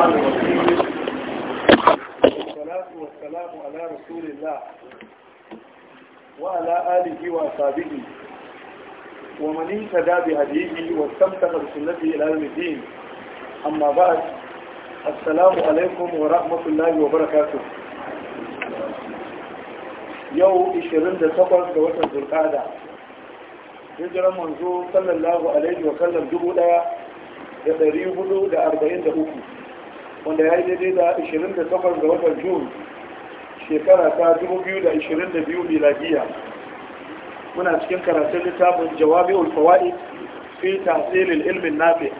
الرحمن الرحيم والصلاة والسلام على رسول الله وعلى آله وأصحابه ومن اهتدى بهديه واستمسك بسنته إلى يوم الدين أما بعد السلام عليكم ورحمة الله وبركاته yau 28 ga watan zulkada hijiran manzo sallallahu alaihi wa sallam dubu daya da dari hudu da arba'in da uku wanda ya yi daidai da 28 ga watan june shekara ta 2022 miladiya muna cikin karatun littafin jawabi ulfawa'i fi tasirin ilmin nafi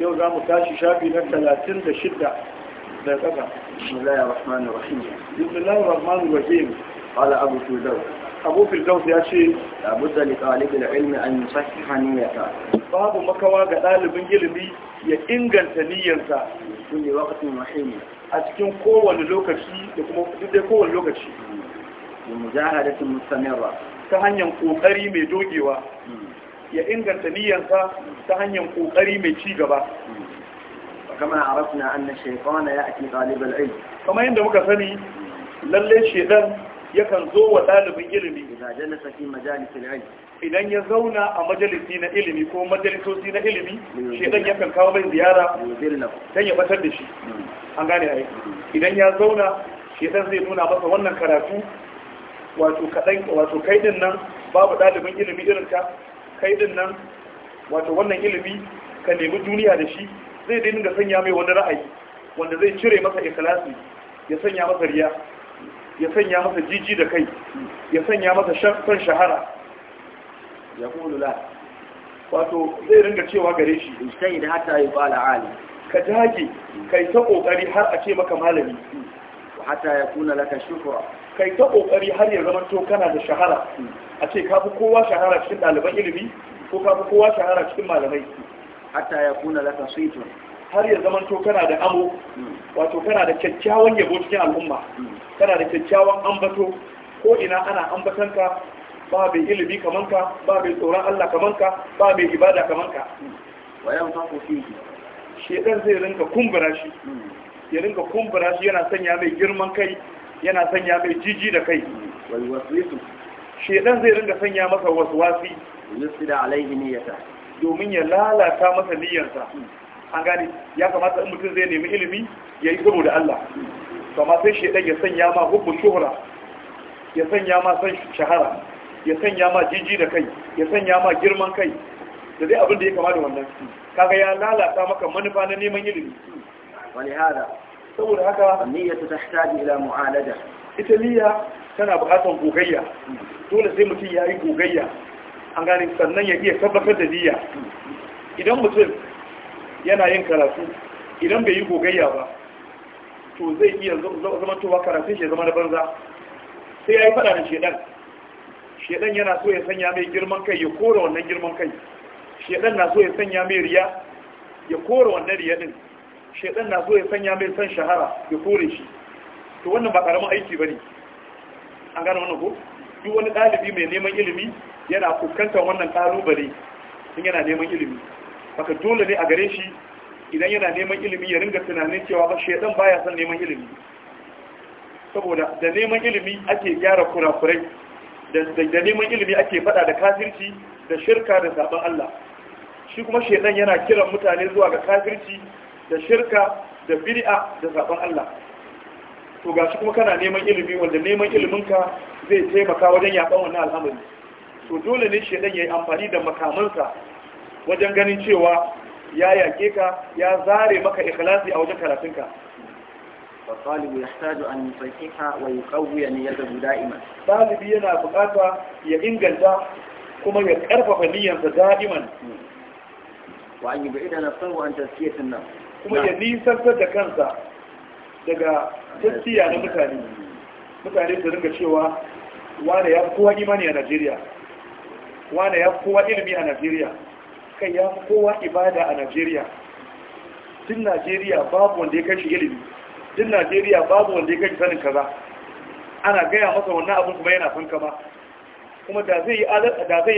yau za mu tashi shafi na 36 da kasa بسم الله الرحمن الرحيم بسم الله الرحمن الرحيم قال أبو سوداء abu firdaus ya ce da mutane ɗalibin ilmi an yusaki hannuyata babu makawa ga ɗalibin ilimi ya inganta niyyarsa kulle wakatin mahimmi a cikin kowane lokaci da kuma duk kowane lokaci da mujahadatin mustamirra ta hanyar ƙoƙari mai dogewa hmm. ya inganta niyyarsa ta hanyar ƙoƙari mai cigaba. Hmm. a rasu na arafna anna a cikin ɗalibin ilm kama yanda muka sani lallai shedan yakan zo wa ɗalibin ilimi idan ya zauna a majalisi na ilimi ko majalisoci na ilimi shi shedan yakan kawo mai ziyara don ya batar da shi hmm. an gane ai idan ya zauna shi shedan zai nuna masa wannan karatu wato kaɗan wato din nan babu ɗalibin ilimi irin ka din nan wato wannan ilimi ka nemi duniya da shi zai dinga sanya mai wani ra'ayi wanda zai cire masa ikhlasi ya sanya masa riya ya sanya masa jiji da kai ya sanya masa shan shahara ya kulu wato zai ringa cewa gare shi sai da hatta ya bala ali ka dage kai ta kokari har a ce maka malami hatta ya kuna laka shukura kai ta kokari har ya zama to kana da shahara a ce ka fi kowa shahara cikin ɗaliban ilimi ko ka fi kowa shahara cikin malamai hatta ya kuna laka saitun har ya zama to kana da amo wato kana da kyakkyawan yabo cikin al'umma kana da kyakkyawan ambato ko ina ana ambatanka ba mai ilimi kaman ka ba mai tsoron Allah kaman ka ba mai ibada kaman ka wayan fa shi shedan zai rinka kumbura shi ya rinka kumbura shi yana sanya mai girman kai yana sanya mai jiji da kai wal waswisu shedan zai rinka sanya masa wasu yusida alaihi niyyata domin ya lalata masa niyyarsa an gane ya kamata in mutum zai nemi ilimi ya yi da Allah to amma sai shaidan ya sanya ma hukun shuhura, ya sanya ma san shahara ya sanya ma jiji da kai ya sanya ma girman kai da dai abin da ya kama da wannan kaga ya lalata maka manufa na neman ilimi wani hada saboda haka niyya ta tahtaji ila mu'alada ita niyya tana buƙatar gogayya dole sai mutum ya yi gogayya an gane sannan ya iya tabbatar da niyya idan mutum yana yin karatu idan bai yi gogayya ba to zai iya zama towa karatun shi zama na banza sai ya yi fada da shedan shedan yana so ya sanya mai girman kai ya kora wannan girman kai shedan na so ya sanya mai riya ya kora wannan riya din shedan na so ya sanya mai san shahara ya kore shi to wannan ba karamin aiki bane an gane wannan ko duk wani ɗalibi mai neman ilimi yana fuskantar wannan ƙalubale in yana neman ilimi haka dole ne a gare shi idan yana neman ilimi ya ringa tunanin cewa ba shaidan baya son neman ilimi saboda da neman ilimi ake gyara kurakurai da neman ilimi ake fada da kafirci da shirka da sabon Allah shi kuma shaidan yana kiran mutane zuwa ga kafirci da shirka da bid'a da sabon Allah to gashi kuma kana neman ilimi wanda neman iliminka zai taimaka wajen yakan wannan al'amari to dole ne shaidan yayi amfani da makamansa wajen ganin cewa ya yake ka ya zare maka ikhlasi a wajen karatunka فالطالب يحتاج أن يصحح ويقوي نيته دائما طالب ينا بقاطة ينقل كما يتعرف idan دائما وأن يبعد نفسه عن تزكية النفس كما da kansa daga tafiya na mutane mutane su ringa cewa wane ya kowa imani a Najeriya wane ya kowa ilimi a Najeriya kai ya kowa ibada a Najeriya tun Najeriya babu wanda ya kai ilimi tun Najeriya babu wanda ya kai sanin kaza ana gaya masa wannan abin kuma yana son kama kuma da zai yi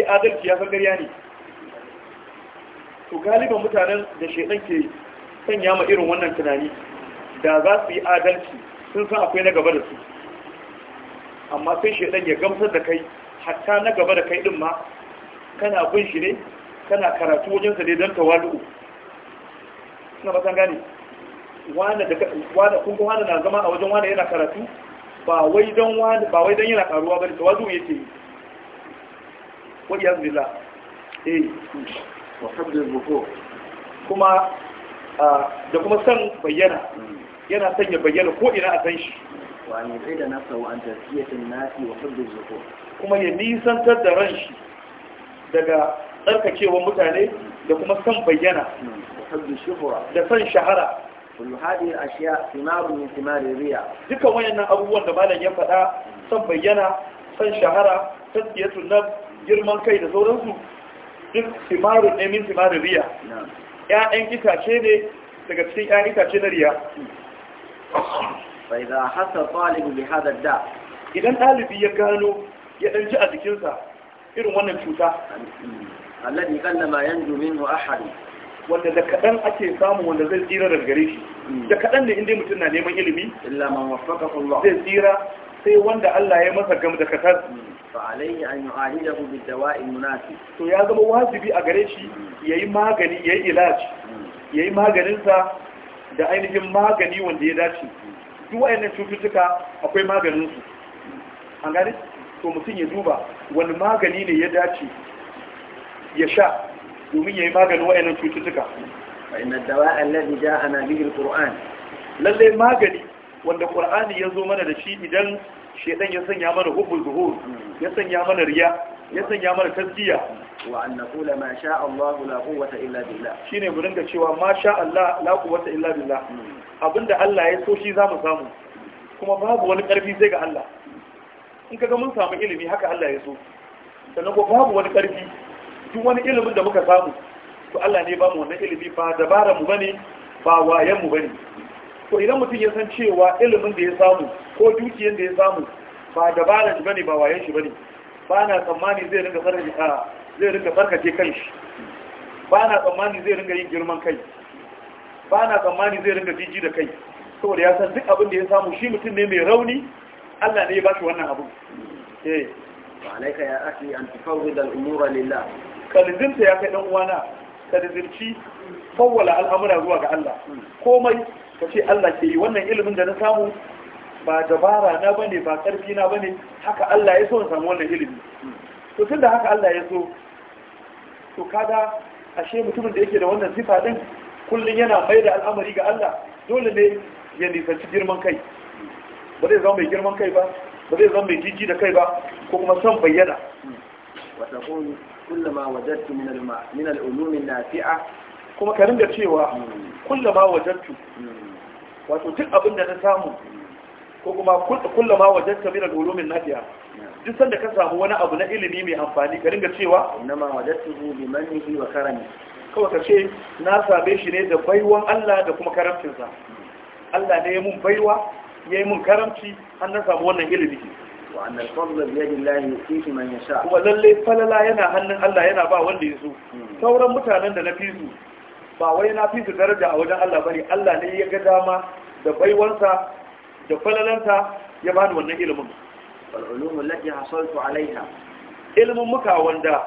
adalci ya san gariya ne to galiban mutanen da shaidan ke sanya ma irin wannan tunani da za su yi adalci sun san akwai na gaba da su amma sai shaidan ya gamsar da kai hatta na gaba da kai din ma kana bin shi ne kana karatu wajensa ne don tawalu suna ba gani wanda da wanda kun ga wanda na zama a wajen wanda yana karatu ba wai don wanda ba wai don yana karuwa ba tawalu yake wa iyaz billah eh wa habdul bukur kuma da kuma san bayyana yana ya bayyana ko ina a san shi وأن يبعد نفسه عن تزكية Kuma وحب الزكور da ran shi daga. tsarkakewa mutane da kuma san bayyana da san shahara kullu hadi ashiya thimaru min thimari riya duka wayannan abubuwan da malam ya faɗa san bayyana san shahara tasbiyatul na girman kai da sauransu duk thimaru ne min thimari riya ya'yan itace ne daga cikin ya'yan itace na riya fa idza hasa talib bi hada da idan ɗalibi ya gano ya ɗanci a jikinsa irin wannan cuta alladhi qallama yanju minhu ahad wanda da kadan ake samu wanda zai tsira daga gare shi hmm. da kadan ne inda mutum na neman ilimi illa man waffaqahu Allah zai tsira sai wanda Allah ya masa gam da katar hmm. fa alayhi an yu'alijahu bid dawa'i munasib to ya zama wajibi a gare shi hmm. yayi magani yayi ilaji yayi maganin sa da ainihin magani wanda ya dace duk wayannan cututtuka akwai maganin su an gane to mutum ya duba wani magani ne ya dace ya sha domin ya yi maganin wa'annan cututtuka inna dawa allazi ja'ana bihi alquran lalle magani wanda qur'ani ya zo mana da shi idan shedan ya sanya mana hubbul zuhur ya sanya mana riya ya sanya mana tasdiya wa an naqula ma sha Allah la quwwata illa billah shine mu dinga cewa ma sha Allah la illa billah abinda Allah ya so shi zamu samu kuma babu wani ƙarfi sai ga Allah in kaga mun samu ilimi haka Allah ya so sannan ko babu wani ƙarfi? duk wani ilimin da muka samu to Allah ne ba mu wannan ilimi ba dabara mu bane ba wayan mu bane to idan mutum ya san cewa ilimin da ya samu ko dukiyar da ya samu ba dabara shi bane ba wayan shi bane ba na tsammani zai rinka sarkace zai rinka sarkace shi ba na tsammani zai rinka yin girman kai ba na tsammani zai rinka jiji da kai saboda ya san duk abin da ya samu shi mutum ne mai rauni Allah ne ya ba shi wannan abu eh wa alayka ya akhi an tafawwid al-umura lillah kalizinta ya kai dan uwana ka fawwala al'amura zuwa ga Allah komai ka ce Allah ke yi wannan ilimin da na samu ba dabara na bane ba karfi na bane haka Allah ya so na samu wannan ilimi to da haka Allah ya so to kada ashe mutumin da yake da wannan sifa din kullum yana mai da al'amari ga Allah dole ne ya nisanci girman kai ba zai zama mai girman kai ba ba zai zama mai jijji da kai ba ko kuma son bayyana وتقول كل ما وجدت من الماء من العلوم النافعة kuma ka ringa cewa kulla ma wato duk abin da na samu ko kuma kulla ma wajatta min al-ulumin nafi'a duk sanda ka samu wani abu na ilimi mai amfani ka ringa cewa inna ma wajattuhu bi yi wa karami kawai ka ce na same shi ne da baiwan Allah da kuma karamcinsa Allah ne ya mun baiwa ya yi mun karamci an na samu wannan ilimi وأن الفضل بيد الله يؤتيه من يشاء ولله فلا ينا هنن الله ينا با wanda yaso hmm. sauran mutanen da na fi su ba wai na fi su daraja a wajen Allah bane Allah ne ya ga dama da baiwansa da falalansa ya bani wannan ilimin wal ulum allati hasaltu alaiha ilmin muka wanda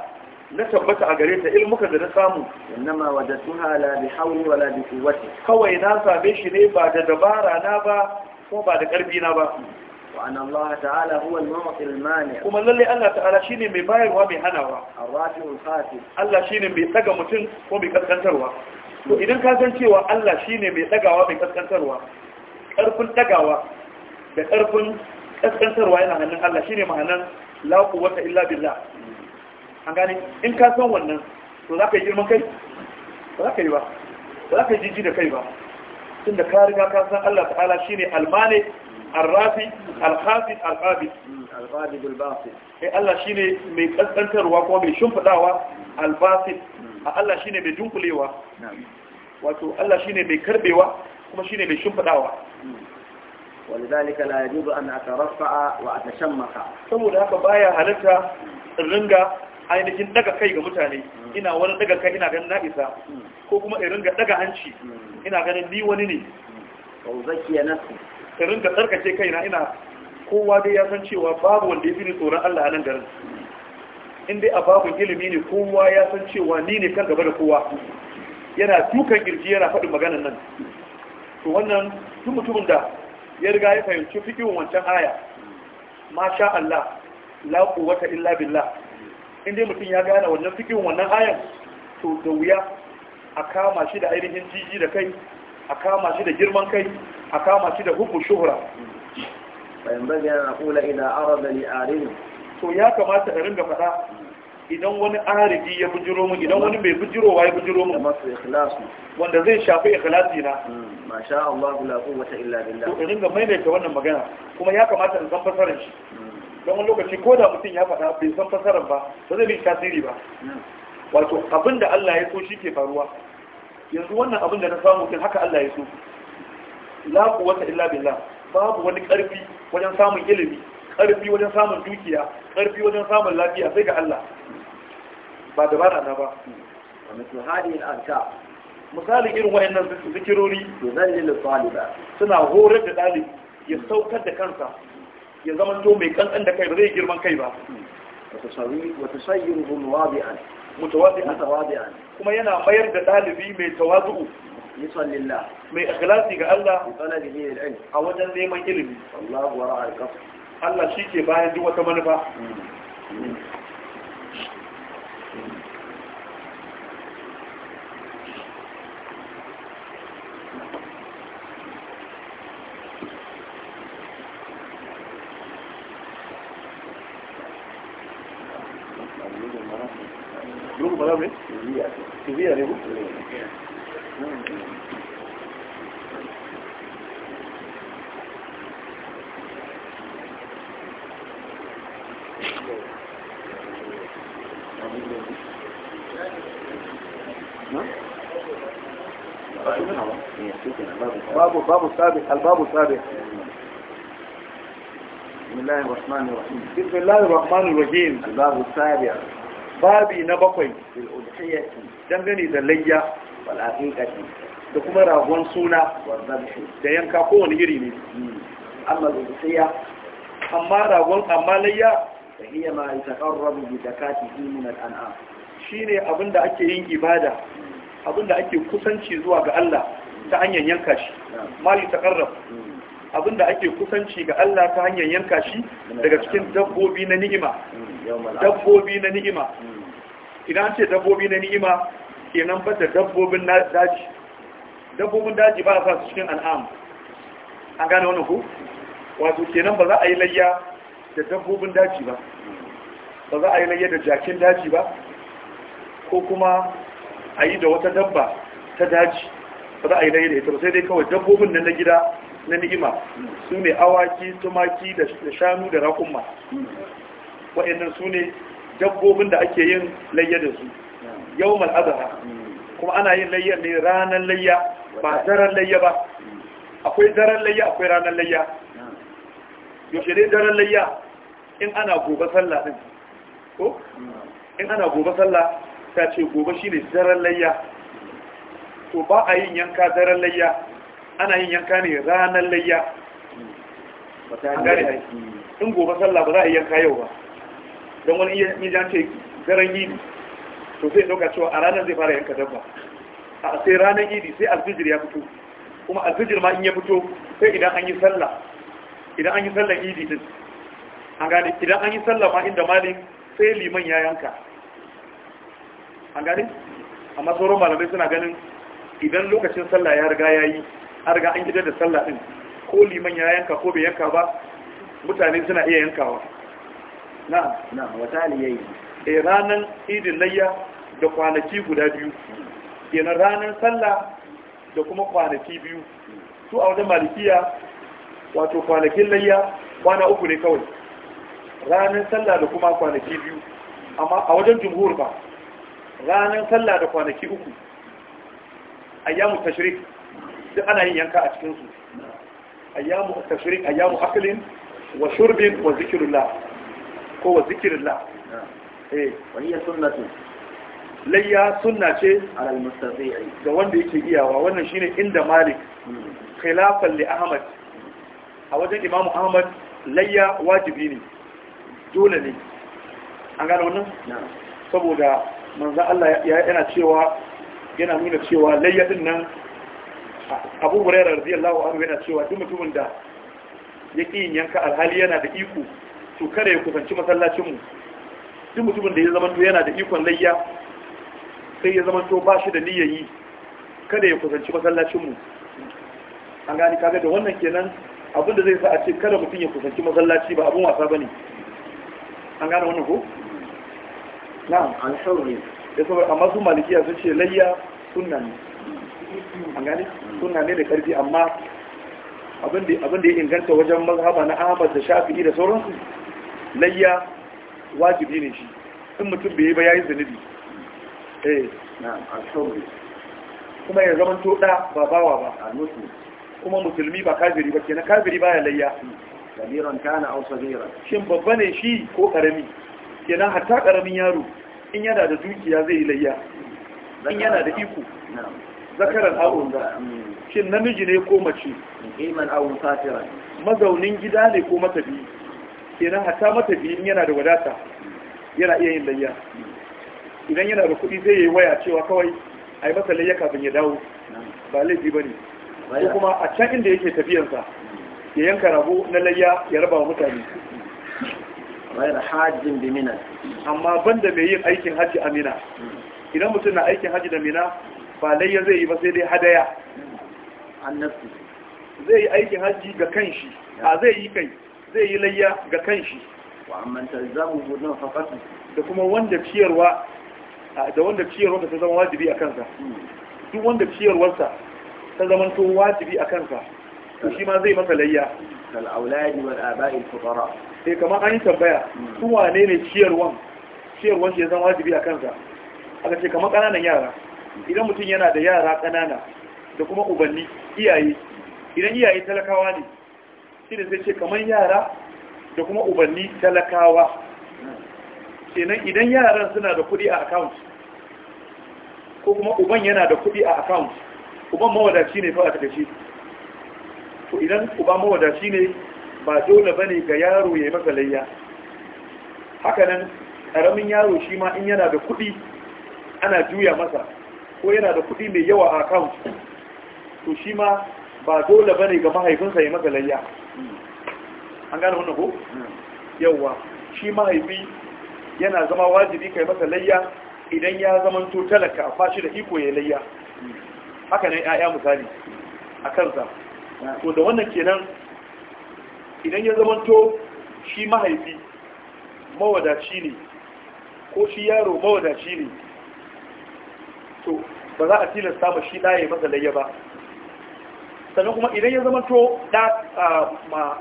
na tabbata a gare ta ilmukan da na samu innama wajadtuha la bi wala bi quwwati kawai na same shi ne ba da dabara na ba ko ba da karfi na ba وأن الله تعالى هو المعطي المانع كما للي الله تعالى شيني مي بايروا مي هناوا الرافع الخافض الله شيني مي دغا متين ko mai kaskantarwa to idan ka san cewa Allah shine mai dagawa mai kaskantarwa karfin dagawa da karfin kaskantarwa yana hannun Allah shine illa in ka san wannan to ka yi girman kai ba ka yi ba za ka yi jiji da kai ba tun da ka ka san Allah ta'ala shine almane arrafi alhafi alhabi alhabi bilbafi eh Allah shine mai ƙasƙantarwa ko mai shimfidawa albasit a Allah shi ne mai dunkulewa wato Allah shi ne mai karbewa kuma shi ne mai shimfidawa ولذلك لا يجوز أن أترفع وأتشمخ saboda haka baya halatta ringa ainihin daga kai ga mutane hmm. ina wani daga kai ina ganin Na'isa, hmm. ko kuma irin ga daga hanci hmm. ina ganin ni wani ne irin ga tsarkace kaina ina kowa dai ya san cewa babu wanda ya fi tsoron Allah a nan garin in dai a babu ilimi ne kowa ya san cewa ni ne kan gaba da kowa yana dukan kirji yana faɗin maganan nan to wannan tun mutumin da ya riga ya fahimci fikin wancan aya masha Allah la quwwata illa billah in dai mutum ya gane wannan fikin wannan ayan to da wuya a kama shi da ainihin jiji da kai a kama shi da girman kai a kama shi da hukun shuhura bayan bayan kula ila arada li arin to ya kamata a ringa faɗa idan wani aridi ya bujiro mu idan wani bai bujirowa ya bujiro mu ikhlasu wanda zai shafi ikhlasi na hmm, masha Allah la quwwata illa billah to ringa maimaita wannan magana kuma ya kamata in san fasarin shi hmm. don wani lokaci ko da mutum ya faɗa bai san fasarar ba ba zai bi tasiri ba wato abin da Allah ya so shi ke faruwa yanzu wannan abin da na samu kin haka Allah ya so la quwwata illa billah babu wani karfi wajen samun ilimi karfi wajen samun dukiya karfi wajen samun lafiya sai ga Allah ba dabara na ba مثل هذه anka. misali irin wayannan zikirori yuzallilu taliba suna horar da dalibi ya saukar da kansa ya zama to mai kankan da kai ba zai girman kai ba wata sayin mutawadi'an mutawadi'an kuma yana mayar da dalibi mai tawazu'u yusallillah mai ikhlasi ga Allah a wajen neman ilimi Allah shi ke bayan duk wata manufa grupo para ver su vida باب باب السابع الباب السابع بسم الله الرحمن الرحيم بسم الله الرحمن الرحيم الباب السابع babi na bakwai dangane da layya da kuma ragon suna da yanka kowane iri ne hmm. amma amma ragon amma layya da iya ma taƙarrabu bi zakati min al'an'am shine abinda ake yin ibada hmm. abinda ake kusanci zuwa ga Allah ta hanyar yanka shi mali taƙarrabu hmm. abinda ake kusanci ga Allah ta hanyar yanka shi daga cikin dabbobi na ni'ima dabbobi na ni'ima idan ce dabbobi na ni'ima kenan ba da dabbobin daji dabbobin daji ba a sa su cikin al'am an gane wani ku wato kenan ba za a yi layya da dabbobin daji ba ba za a yi layya da jakin daji ba ko kuma a yi da wata dabba ta daji ba za a yi layya da ita ba sai dai kawai dabbobin nan na gida na ni'ima su ne awaki tumaki da shanu da raƙumma wa'annan su ne dabbobin da ake yin layya da su yau mal'adaha kuma ana yin layya ne ranar layya ba daren layya ba akwai daren layya akwai ranar layya yaushe ne daren layya in ana gobe sallah din ko in ana gobe sallah ta ce gobe shi ne daren layya to ba a yin yanka daren layya ana yin yanka ne ranar layya an gane in gobe sallah ba za a yi yanka yau ba don wani iya yi ce daren idi to sai ɗauka cewa a ranar zai fara yanka dabba a sai ranar idi sai alfijir ya fito kuma alfijir ma in ya fito sai idan an yi sallah idan an yi sallah idi din an gane idan an yi sallah ma inda mali, sai liman ya yanka an gane amma sauran malamai suna ganin idan lokacin sallah ya riga ya yi an riga an gidan da sallah din ko liman ya yanka ko bai yanka ba mutane suna iya yankawa na na wata aliyayi eh ranar idin layya da kwanaki guda biyu kenan ranar sallah da kuma kwanaki biyu su a wajen malikiya wato kwanakin layya kwana uku ne kawai ranar sallah da kuma kwanaki biyu amma a wajen jumhur ba ranar sallah da kwanaki uku ayyamu tashrik duk ana yin yanka a cikinsu, su ayyamu tashrik ayyamu aklin wa shurbin wa zikrullah ko wa zikrullah eh wa hiya sunnatu layya sunna ce alal mustati'i ga wanda yake iyawa wannan shine inda malik hmm. khilafan li ahmad a wajen imamu ahmad layya wajibi ne dole ne an gano wannan saboda manzo Allah yana cewa yana nuna cewa layya din nan abu huraira radiyallahu anhu yana cewa duk mutumin da ya ƙi yin yanka alhali yana da iko to kada ya kusanci masallacinmu duk mutumin da ya zamanto yana da ikon layya sai ya to ba shi da niyyayi kada ya kusanci masallacinmu an gani kaga da wannan kenan abin da zai sa a ce kada mutum ya kusanci masallaci ba abin wasa bane an gane wannan ko na'am an shawri da saboda amma su malikiya sun ce layya sunna ne an gane suna ne da karfi amma abin da ya inganta wajen mazhaba na ahmad da shafi'i da sauransu layya wajibi ne shi in mutum bai yi ba yayi zunubi eh na alhamdulillah kuma ya zama to da ba bawa ba kuma musulmi ba kafiri ba kenan kafiri baya layya kabiran kana aw sagira shin babba ne shi ko karami kenan hatta karamin yaro in yana da dukiya zai yi layya in yana da iko na'am zakaran awon za shin namiji ne ko mace iman awon safira mazaunin gida ne ko matabi kenan hata matabi yana da wadata yana iya yin layya idan yana da kuɗi zai yi waya cewa kawai a yi masa layya kafin ya dawo ba laifi ba ne ko kuma a can inda yake tafiyansa ya yanka rago na layya ya raba wa mutane ghayr hajjin da mina amma banda mai yin aikin haji a mina idan mutum na aikin haji da mina ba layya zai yi ba sai dai hadaya zai yi aikin hajji ga kanshi a zai yi kai zai yi layya ga kanshi wa da kuma wanda ciyarwa da wanda ciyarwa ta zama wajibi a kansa hmm. duk wanda ciyarwarsa ta zama to wajibi a kansa to shi ma zai masa layya kal sai eh, kamar an yi tambaya hmm. su wane ne ciyarwan ciyarwan shi ya zama wajibi a kansa aka ce kamar ƙananan yara idan mutum yana da yara ƙanana da kuma ubanni iyaye idan iyaye talakawa ne shi da sai ce kamar yara da kuma ubanni talakawa kenan idan yaran suna da kuɗi a account ko kuma uban yana da kuɗi a account uban mawadaci ne fa a takaice to idan uba mawadaci ne ba dole bane ga yaro ya yi masa layya hakanan ƙaramin yaro shi ma in yana da kuɗi ana juya masa ko yana da kuɗi mai yawa a account to shi ma ba dole bane ga mahaifinsa ya maka layya an gane wannan ko yawa shi mahaifi yana zama wajibi kai masa layya idan ya zaman to talaka ba shi da iko ya layya haka ne ya'ya misali a kansa to da wannan kenan idan ya zaman to shi mahaifi mawadaci ne ko shi yaro mawadaci ne to ba za a tilasta ba shi ɗaya masa layya ba sannan kuma idan ya zama to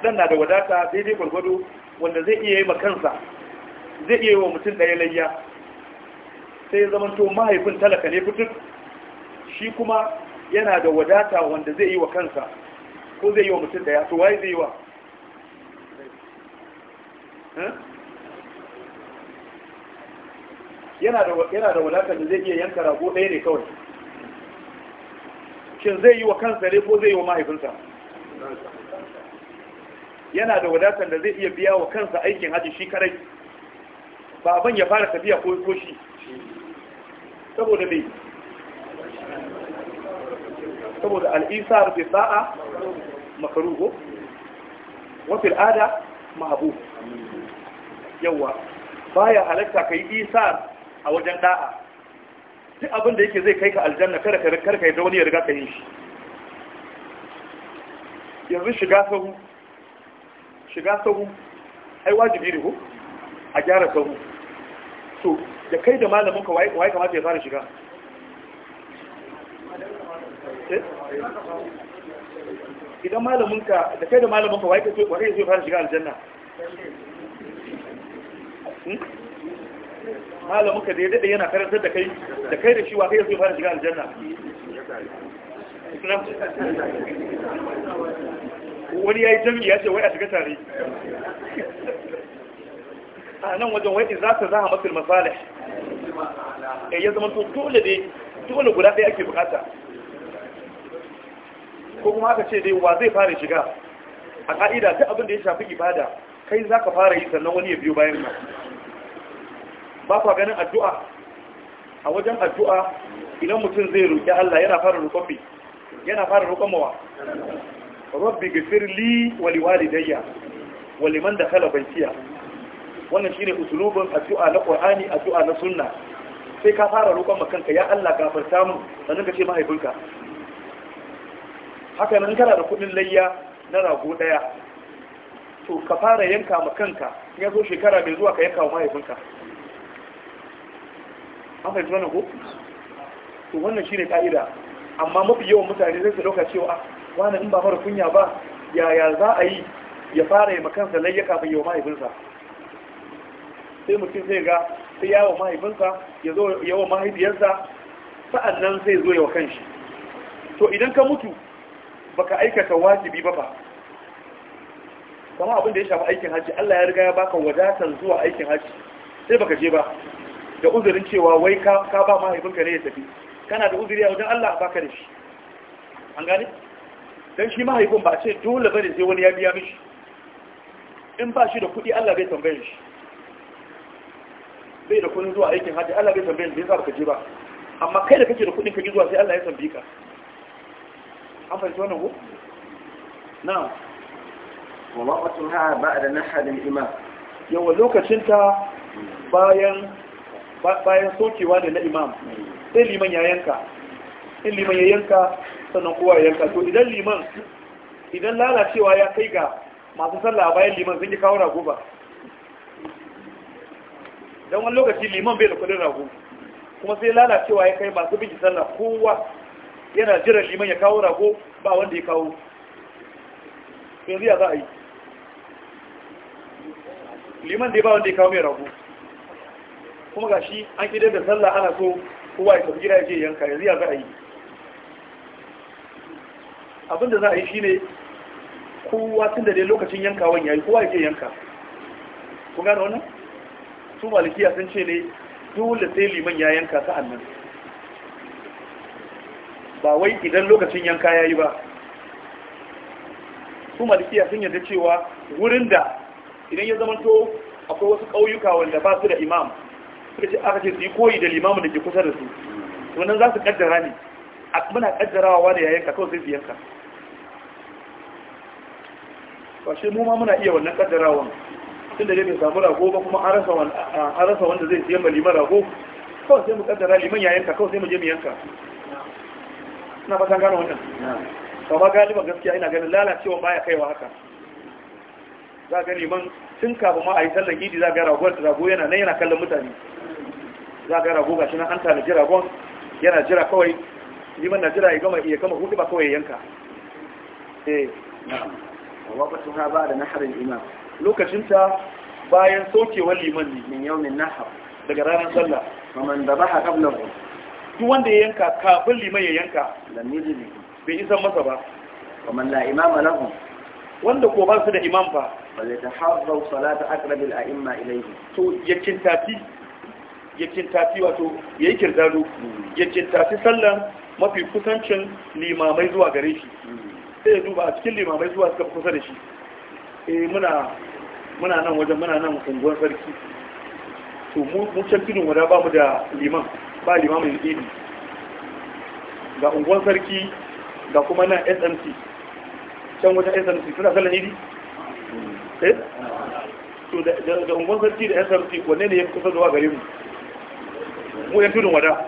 ɗan na da wadata daidai gwargwado wanda zai iya yi kansa zai iya yi wa mutum ɗaya layya sai ya zama to mahaifin talaka ne fitur, shi kuma yana da wadata wanda zai yi wa kansa ko zai yi wa mutum ɗaya to waye zai yi wa yana da yana da wadatar da zai iya yanka rago ɗaya ne kawai shin zai yi wa kansa ne ko zai yi wa mahaifinsa yana da wadatar da zai iya biya wa kansa aikin haji shi karai ba abin ya fara tafiya ko ko shi saboda me saboda al'isa rufe sa'a makarugo wafi al'ada mahabu yawa baya halatta ka yi isar a wajen da'a duk abin da yake zai kai ka aljanna kar ka kada ka wani ya riga ka yin shi yanzu shiga sahu shiga sahu ai wajibi ne ko a gyara sahu to da kai da malamin ka waye kamata ya fara shiga eh? idan malamin ka da kai da malamin ka waye kai so ya fara shiga aljanna hmm? malamin da ya daɗe yana karantar da kai da kai da shi wa kai ya fara shiga aljanna wani ya yi jami'i ya ce wai a shiga tare a nan wajen wai za ta zaha masu masalih eh, ya zama to dole ne dole guda ɗaya ake bukata ko kuma aka ce dai wa zai fara shiga a ka'ida ta abin da ya shafi ibada kai za ka fara yi sannan wani ya biyo bayan nan ba kwa ganin addu'a a wajen addu'a idan mutum zai roƙi Allah yana fara roƙon bi yana fara roƙon mawa rabbi gafir li da liwalidayya wa liman dakhala baytiya wannan ne usulubin addu'a na Qur'ani addu'a na sunna sai ka fara roƙon makanka kanka ya Allah gafar samun sannan ka ce mahaifinka haka nan kana da kuɗin layya na rago ɗaya, to ka fara yanka ma kanka ya zo shekara mai zuwa ka yanka wa mahaifinka an fahimci wannan ko to wannan shine ka'ida amma mafi yawan mutane zai su dauka cewa wani in ba mara kunya ba yaya za a yi ya fara yi makansa layya kafin yau mahaifinsa sai mutum zai ga sai yawa mahaifinsa ya zo yawa mahaifiyarsa nan zai zo yawa kanshi to idan ka mutu baka aikata wajibi ba ba kama abin da ya shafi aikin hajji Allah ya riga ya baka wadatar zuwa aikin hajji sai baka je ba da uzurin cewa wai ka ba mahaifinka ne ya tafi kana da uzuri a wajen Allah baka da shi an gane dan shi mahaifin ba a ce dole bane sai wani ya biya mishi in ba shi da kuɗi Allah bai tambaye shi bai da kuɗin zuwa aikin hajji Allah bai tambaye shi bai sa baka je ba amma kai da kake da kuɗin ka ji zuwa sai Allah ya tambaye ka an fahimci wannan ko na'am wa ma'atuha ba'da nahal al-imam yawa lokacin ta bayan bayan sokewa da na imam sai liman ya yanka in liman ya yanka sannan kowa ya yanka to idan liman idan lalacewa ya kai ga masu sallah a bayan liman sun yi kawo rago ba don wani lokaci liman bai da kudin rago kuma sai lalacewa ya kai masu bin sallah kowa yana jiran liman ya kawo rago ba wanda ya kawo yanzu ya za a yi liman dai ba wanda ya kawo mai rago kuma ga shi an ƙidar da sallah ana so kowa ya tafi gida ya yanka yanzu ya za a yi abin da za a yi shine kowa tun da dai lokacin yankawan ya yi kowa ya je yanka kun gane wannan su malikiya sun ce ne dole sai liman ya yanka ta annan ba wai idan lokacin yanka ya yi ba su malikiya sun yarda cewa wurin da idan ya zamanto akwai wasu ƙauyuka wanda ba su da imam suka ce aka ce su yi koyi da limamin da ke kusa da su wannan za su kaddara ne a muna kaddarawa da ya yanka kawai sai su yanka shi mu ma muna iya wannan kaddarawan tun da bai samu rago ba kuma an rasa wanda zai siyan liman rago kawai sai mu kaddara liman ya yanka kawai sai mu je mu yanka ina fatan gano wannan kama galiban gaskiya ina ganin lalacewa baya kaiwa haka za ga liman tun kafin ma a yi sallan idi za ga ragowar rago yana nan yana kallon mutane za ga rago gashi nan an tanaji ragon yana jira kawai liman na jira ya gama iya kama hudu ba kawai yanka eh waqtu ha ba'da nahr al-imam lokacin ta bayan saukewar liman ne min yawmin nahar daga ranar sallah faman dabaha qablahu duk wanda ya yanka kafin liman ya yanka lam yajid bai isan masa ba faman la imama lahu wanda ko ba su da imam fa fa yatahazzau salata aqrabil a'imma ilayhi to yakin tafi yakin tafi wato ya yi kirdado yakin tafi sallan mafi kusancin limamai zuwa gare shi sai ya duba a cikin limamai zuwa suka kusa da shi e muna muna nan wajen muna nan unguwar sarki to mu can tudun wada ba mu da liman ba limamin idi ga unguwar sarki ga kuma nan smc can wajen smc suna sallan idi eh? to da unguwar sarki da smc wanne ne ya kusa zuwa gare mu mu tudun wada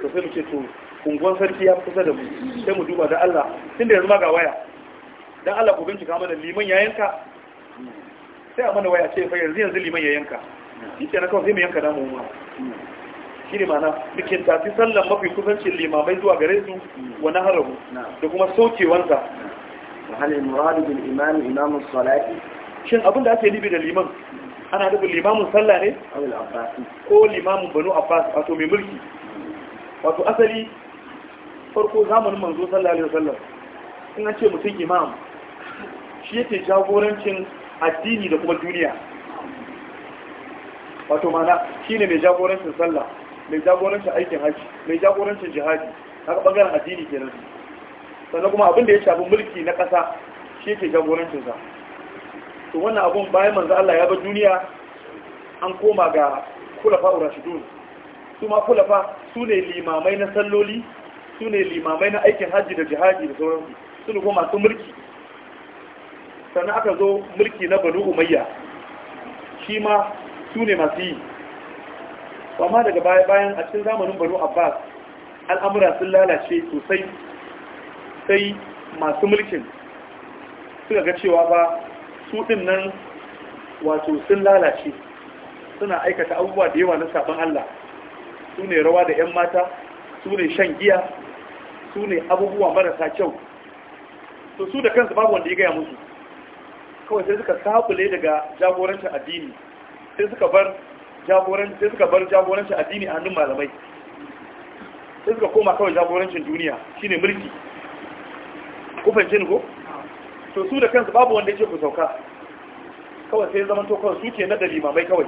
to sai mu ce to unguwan sarki ya kusa da mu sai mu duba da Allah tun da yanzu ma ga waya dan Allah ku bincika mana liman ya yanka sai a mana waya ce fa yanzu yanzu liman ya yanka shi ke na kawai sai mu yanka namu ma shi ne mana bikin tafi sallan mafi kusancin limamai zuwa gare su wa na harabu da kuma saukewansa wa muradu bil imam imam salati shin abin da ake nufi da liman ana nufin limamin sallah ne ko limamin banu abbas wato mai mulki wato asali farko zamanin manzo sallah alaihi wasallam in an ce mutum imam shi yake jagorancin addini da kuma duniya wato mana shi ne mai jagorancin sallah mai jagorancin aikin haji mai jagorancin jihadi haka bangaren addini kenan sannan kuma abin da ya shafi mulki na ƙasa shi yake jagorancinsa to wannan abun bayan manzo Allah ya ba duniya an koma ga kulafa urashidun su ma kulafa su ne limamai na salloli su ne limamai na aikin hajji da jihadi da sauransu su ne kuma masu mulki sannan aka zo mulki na banu umayya shi ma su ne masu yi amma daga baya bayan a cikin zamanin banu abbas al'amura sun lalace sosai sai masu mulkin suka ga cewa ba su din nan wato sun lalace suna aikata abubuwa da yawa na sabon Allah su ne rawa da 'yan mata su ne shan giya su ne abubuwa marasa kyau to su da kansu babu wanda ya gaya musu kawai sai suka sabule daga jagorancin addini sai suka bar jagorancin sai suka bar jagorancin addini a hannun malamai sai suka koma kawai jagorancin duniya shine mulki ku fahimce ni ko to su da kansu babu wanda yake ku sauka kawai sai zaman to kawai su ke na da limamai kawai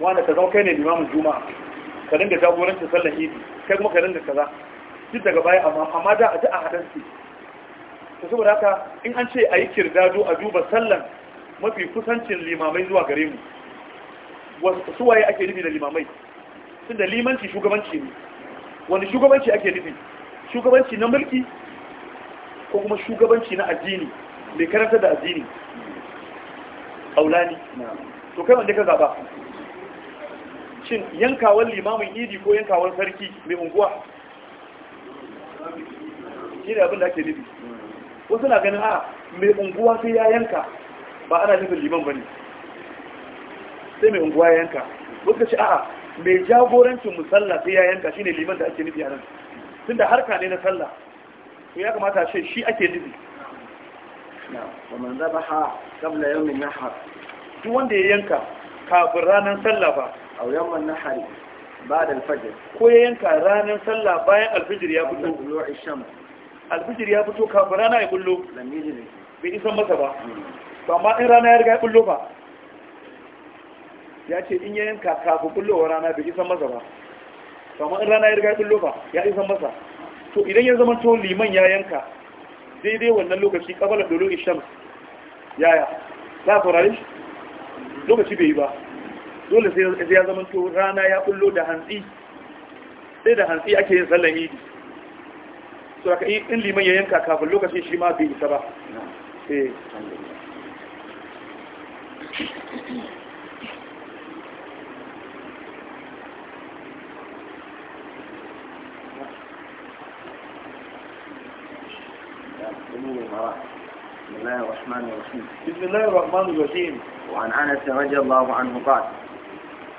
wanda ka zama kai ne limamin juma'a ka dinga jagorancin sallar idi kai kuma ka dinga kaza duk daga baya amma amma da a ji a hadan su to saboda haka in an ce a yi kirdado a duba sallan mafi kusancin limamai zuwa gare mu wasu waye ake nufi da limamai tunda limanci shugabanci ne wani shugabanci ake nufi shugabanci na mulki ko kuma shugabanci na addini mai karanta da addini aulani to kai wanda ka zaba shin yankawar limamin idi ko yankawar sarki mai unguwa shi da abin da ake nufi wasu na ganin a mai unguwa sai ya yanka ba ana nufin liman ba ne sai mai unguwa ya yanka wasu ce a'a mai jagorancin musalla sai ya yanka Shi ne liman da ake nufi a nan Tun da harka ne na sallah ya kamata ce shi ake nufi wa man zabaha qabla yawmin nahar duk wanda ya yanka kafin ranar sallah ba a yawmin nahar ba da fajr ko ya yanka ranar sallah bayan al ya fito tulu'i ya fito kafin rana ya bullo bai isan masa ba Ba hmm. ma in rana ya riga ya bullo ba ya ce in ya yanka kafin wa rana bai isan masa ba Ba ma in rana ya riga ya bullo ba ya isan masa to idan ya zama to liman ya yanka daidai wannan lokaci dole in shan yaya za a saurari lokaci bai yi ba dole sai ya zama to rana ya kullo da hantsi sai da hantsi ake yin sallan idi so aka in liman ya yanka kafin lokaci shi ma bai isa ba الله الرحمن الرحيم بسم الله الرحمن الرحيم وعن أنس رضي الله عنه قال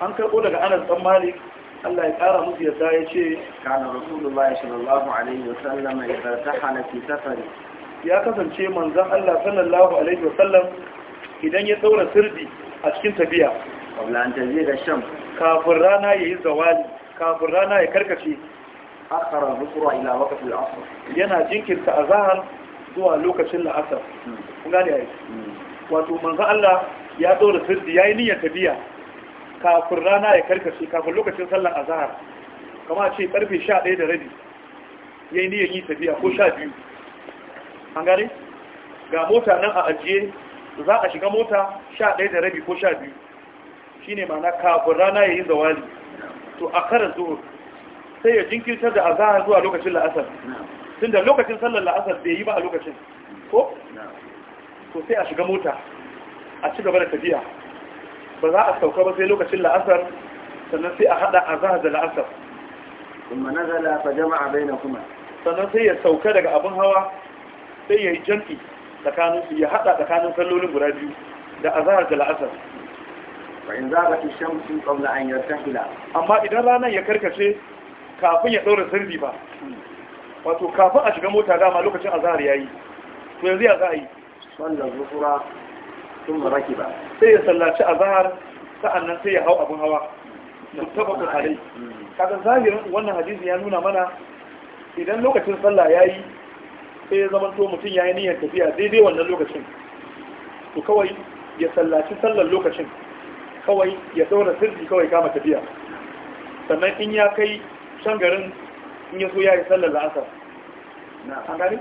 أنك أقول لك أنس بن مالك الله يقرأ مزيد داية كان رسول الله صلى الله عليه وسلم إذا ارتحل في سفره ya kasance manzan Allah sallallahu alaihi wasallam idan ya daura sirdi a cikin tafiya kafin rana ya yi zawali kafin rana ya karkace akara zuwa ila waqtil asr yana jinkirta azhar zuwa lokacin la'asar kun da ai wato manzo Allah ya dora sirri yayi niyyar tafiya kafin rana ya karkace kafin lokacin sallar azhar kama ce karfe 11 da rabi yayi niyyar yi tafiya ko 12 an gane ga mota nan a ajiye za a shiga mota 11 da rabi ko 12 shine ma'ana kafin rana yayin zawali to a karan sai ya jinkirtar da azhar zuwa lokacin la'asar tunda lokacin sallar la'asar bai yi ba a lokacin ko to sai a shiga mota a ci gaba da tafiya ba za a sauka ba sai lokacin la'asar sannan sai a hada azhar da la'asar kuma nazala fa jama'a bainakuma sannan sai ya sauka daga abin hawa sai ya yi jam'i tsakanin ya hada tsakanin sallolin guda biyu da a azhar da la'asar fa in zabati shamsu qabla an yartahila amma idan ranar ya karkace kafin ya ɗaura sirri ba wato kafin a shiga mota dama lokacin azhar yayi to yanzu ya za a yi wannan zuhura sun maraki ba sai ya sallaci azhar sai ya hau abin hawa muttabaqun alai kaga zahirin wannan hadisi ya nuna mana idan lokacin sallah yi, sai ya zama to mutum yi niyyar tafiya daidai wannan lokacin to kawai ya sallaci sallar lokacin kawai ya daura sirri kawai kama tafiya sannan in ya kai can garin in ya so ya yi sallar la'asar an gane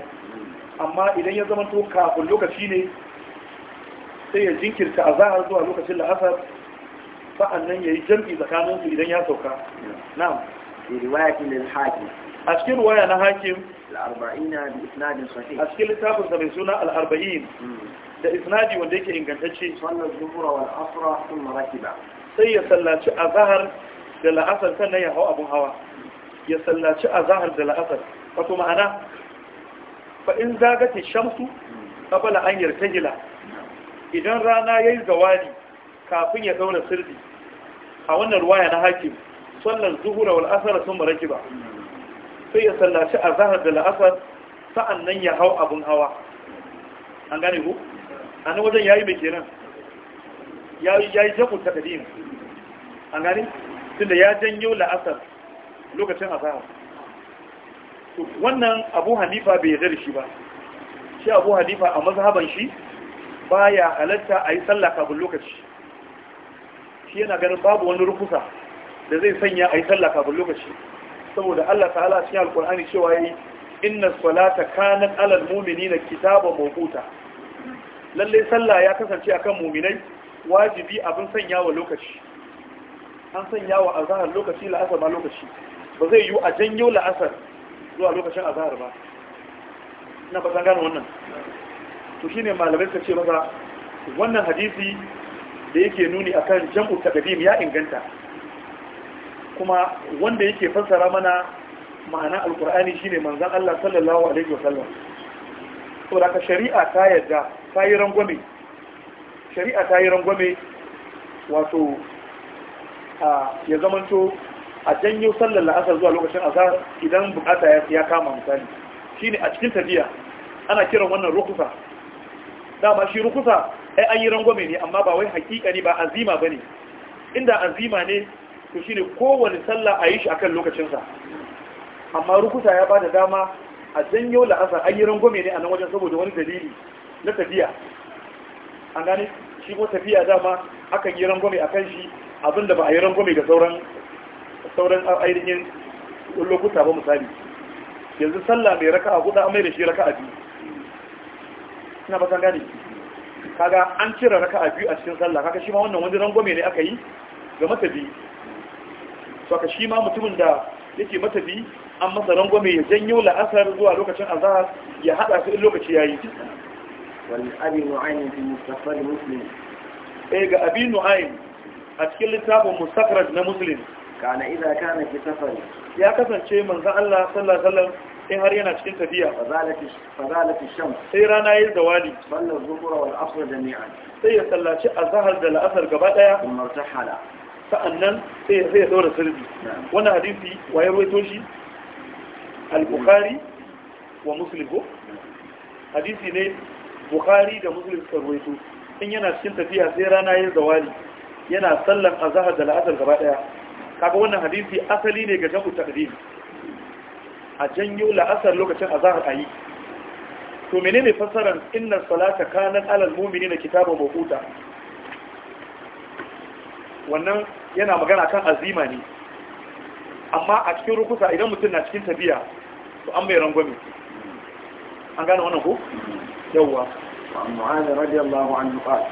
amma idan ya zama to kafin lokaci ne sai ya jinkirta a zahar zuwa lokacin la'asar sa'annan ya yi jam'i tsakaninsu idan ya sauka na'am riwayatin lil hakim a cikin riwaya na hakim a cikin littafinsa mai suna al-arba'in hmm. da isnadi wanda yake ingantacce sallar zuhra wal asra thumma rakiba sai ya sallaci azhar da la'asar sannan ya hau abun hawa ya sallaci azahar da la'asar wato ma'ana fa in zagati shamsu qabla an yartajila idan rana ya yi zawali kafin ya daura sirri a wannan ruwaya na hakim sallar zuhura wal asr sun ba. sai ya sallaci azahar da la'asar nan ya hau abin hawa an gane ku nan wajen ya yi mai kenan ya yi yayi jabu taqdim an gane tunda ya janyo la'asar lokacin azaha, wannan abu hanifa bai yarda da shi ba shi abu hanifa a mazhaban shi baya halatta a yi sallah kafin lokaci shi yana ganin babu wani rukusa da zai sanya a yi sallah kafin lokaci saboda Allah ta'ala cikin alkur'ani cewa yi inna salata kanat alal na kitaban mawquta lalle sallah ya kasance akan mu'minai wajibi abin sanyawa lokaci an sanyawa wa azhar lokaci la'asar ma lokaci ba zai yiwu a janyo la'asar zuwa lokacin azahar ba na ba san gane wannan to shi ne malamai suka ce maza wannan hadisi da yake nuni a kan jam'u taqdim ya inganta kuma wanda yake fassara mana ma'ana shi ne manzan Allah sallallahu alaihi wasallam to da shari'a ta yadda ta yi rangwame shari'a ta yi rangwame wato ya zamanto a janyo sallar la'asar zuwa lokacin asar idan bukata ya kama misali shine a cikin tafiya ana kiran wannan rukusa dama shi rukusa ai an yi rangwame ne amma ba wai hakika ne ba azima ba ne, inda azima ne to shi ne kowane sallah a yi shi akan lokacinsa amma rukusa ya ba da dama a janyo la'asar an yi rangwame ne a nan wajen saboda wani dalili na tafiya an gane shi ko tafiya dama akan yi rangwame a kan shi abinda ba a yi rangwame ga sauran sauran ainihin lokuta ba misali yanzu sallah mai raka a an mai da shi a biyu ina ba san gane kaga an cire a biyu a cikin sallah kaga shi ma wannan wani rangwame ne aka yi ga matabi so ka shi ma mutumin da yake matabi an masa rangwame ya janyo la'asar zuwa lokacin azhar ya haɗa su in lokaci ya yi eh ga abin nu'aym a cikin littafin musakar na musulun. kana idza kana fi safar ya kasance manzon Allah sallallahu alaihi wasallam in har yana cikin tafiya fazalati fazalati shams sai rana yayin zawali sallar zuhra wal asr jami'an sai ya sallaci azhar da al'asr gaba daya kuma tahala sa'annan sai ya sai ya daura sirri wannan hadisi waye rawaito shi al-bukhari wa muslim ko hadisi ne bukhari da muslim suka rawaito in yana cikin tafiya sai rana yayin zawali yana sallan azhar da al'asr gaba daya kaga wannan hadisi asali ne ga jam'u taqdim a janyo la'asar lokacin azhar ayi to menene fassarar inna salata kanat alal mu'minina kitaban mawquta wannan yana magana kan azima ne amma a cikin rukusa idan mutum na cikin tabiya, to an bai rangwame an gane wannan ko yawwa معاذ رضي الله عنه قال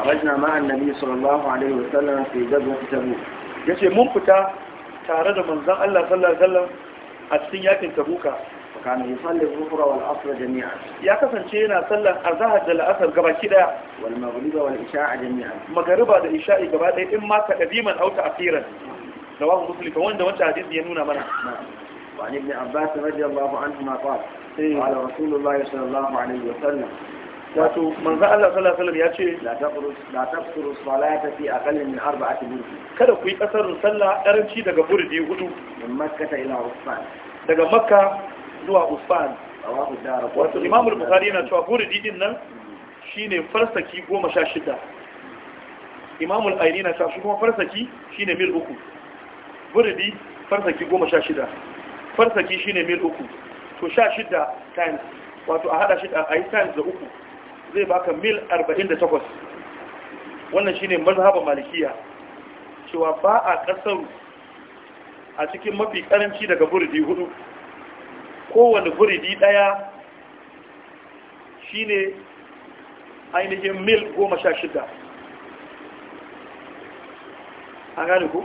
خرجنا مع النبي صلى الله عليه وسلم في غزوة تبوك ya ce mun fita tare da manzan Allah sallallahu alaihi a cikin yakin tabuka kana yi sallar zuhura wal asr jami'a ya kasance yana sallar azhar da la'asar gabaki daya wal maghriba wal isha'a jami'a magariba da isha'i gaba daya in ma taqdiman aw ta'khiran rawahu muslim wanda wannan hadisi ya nuna mana وعن ابن عباس رضي الله عنهما قال قال رسول الله صلى الله عليه وسلم wato manzo Allah sallallahu alaihi ya ce la taqru la taqru salata fi aqall min arba'ati burd kada ku yi kasar sallah karanci daga burdi hudu min makka ila usfan daga makka zuwa usfan rawahu dar wato imam al-bukhari yana cewa burdi din nan shine farsaki 16 imam al-aini na cewa shi kuma farsaki shine mil uku burdi farsaki 16 farsaki shine mil uku to 16 times wato a hada shi a yi times da uku zai baka mil 48 wannan shine mazhaban malikiya cewa ba a kasar a cikin mafi karanci daga buridi hudu kowane buridi daya shine ainihin mil 16 an gani ku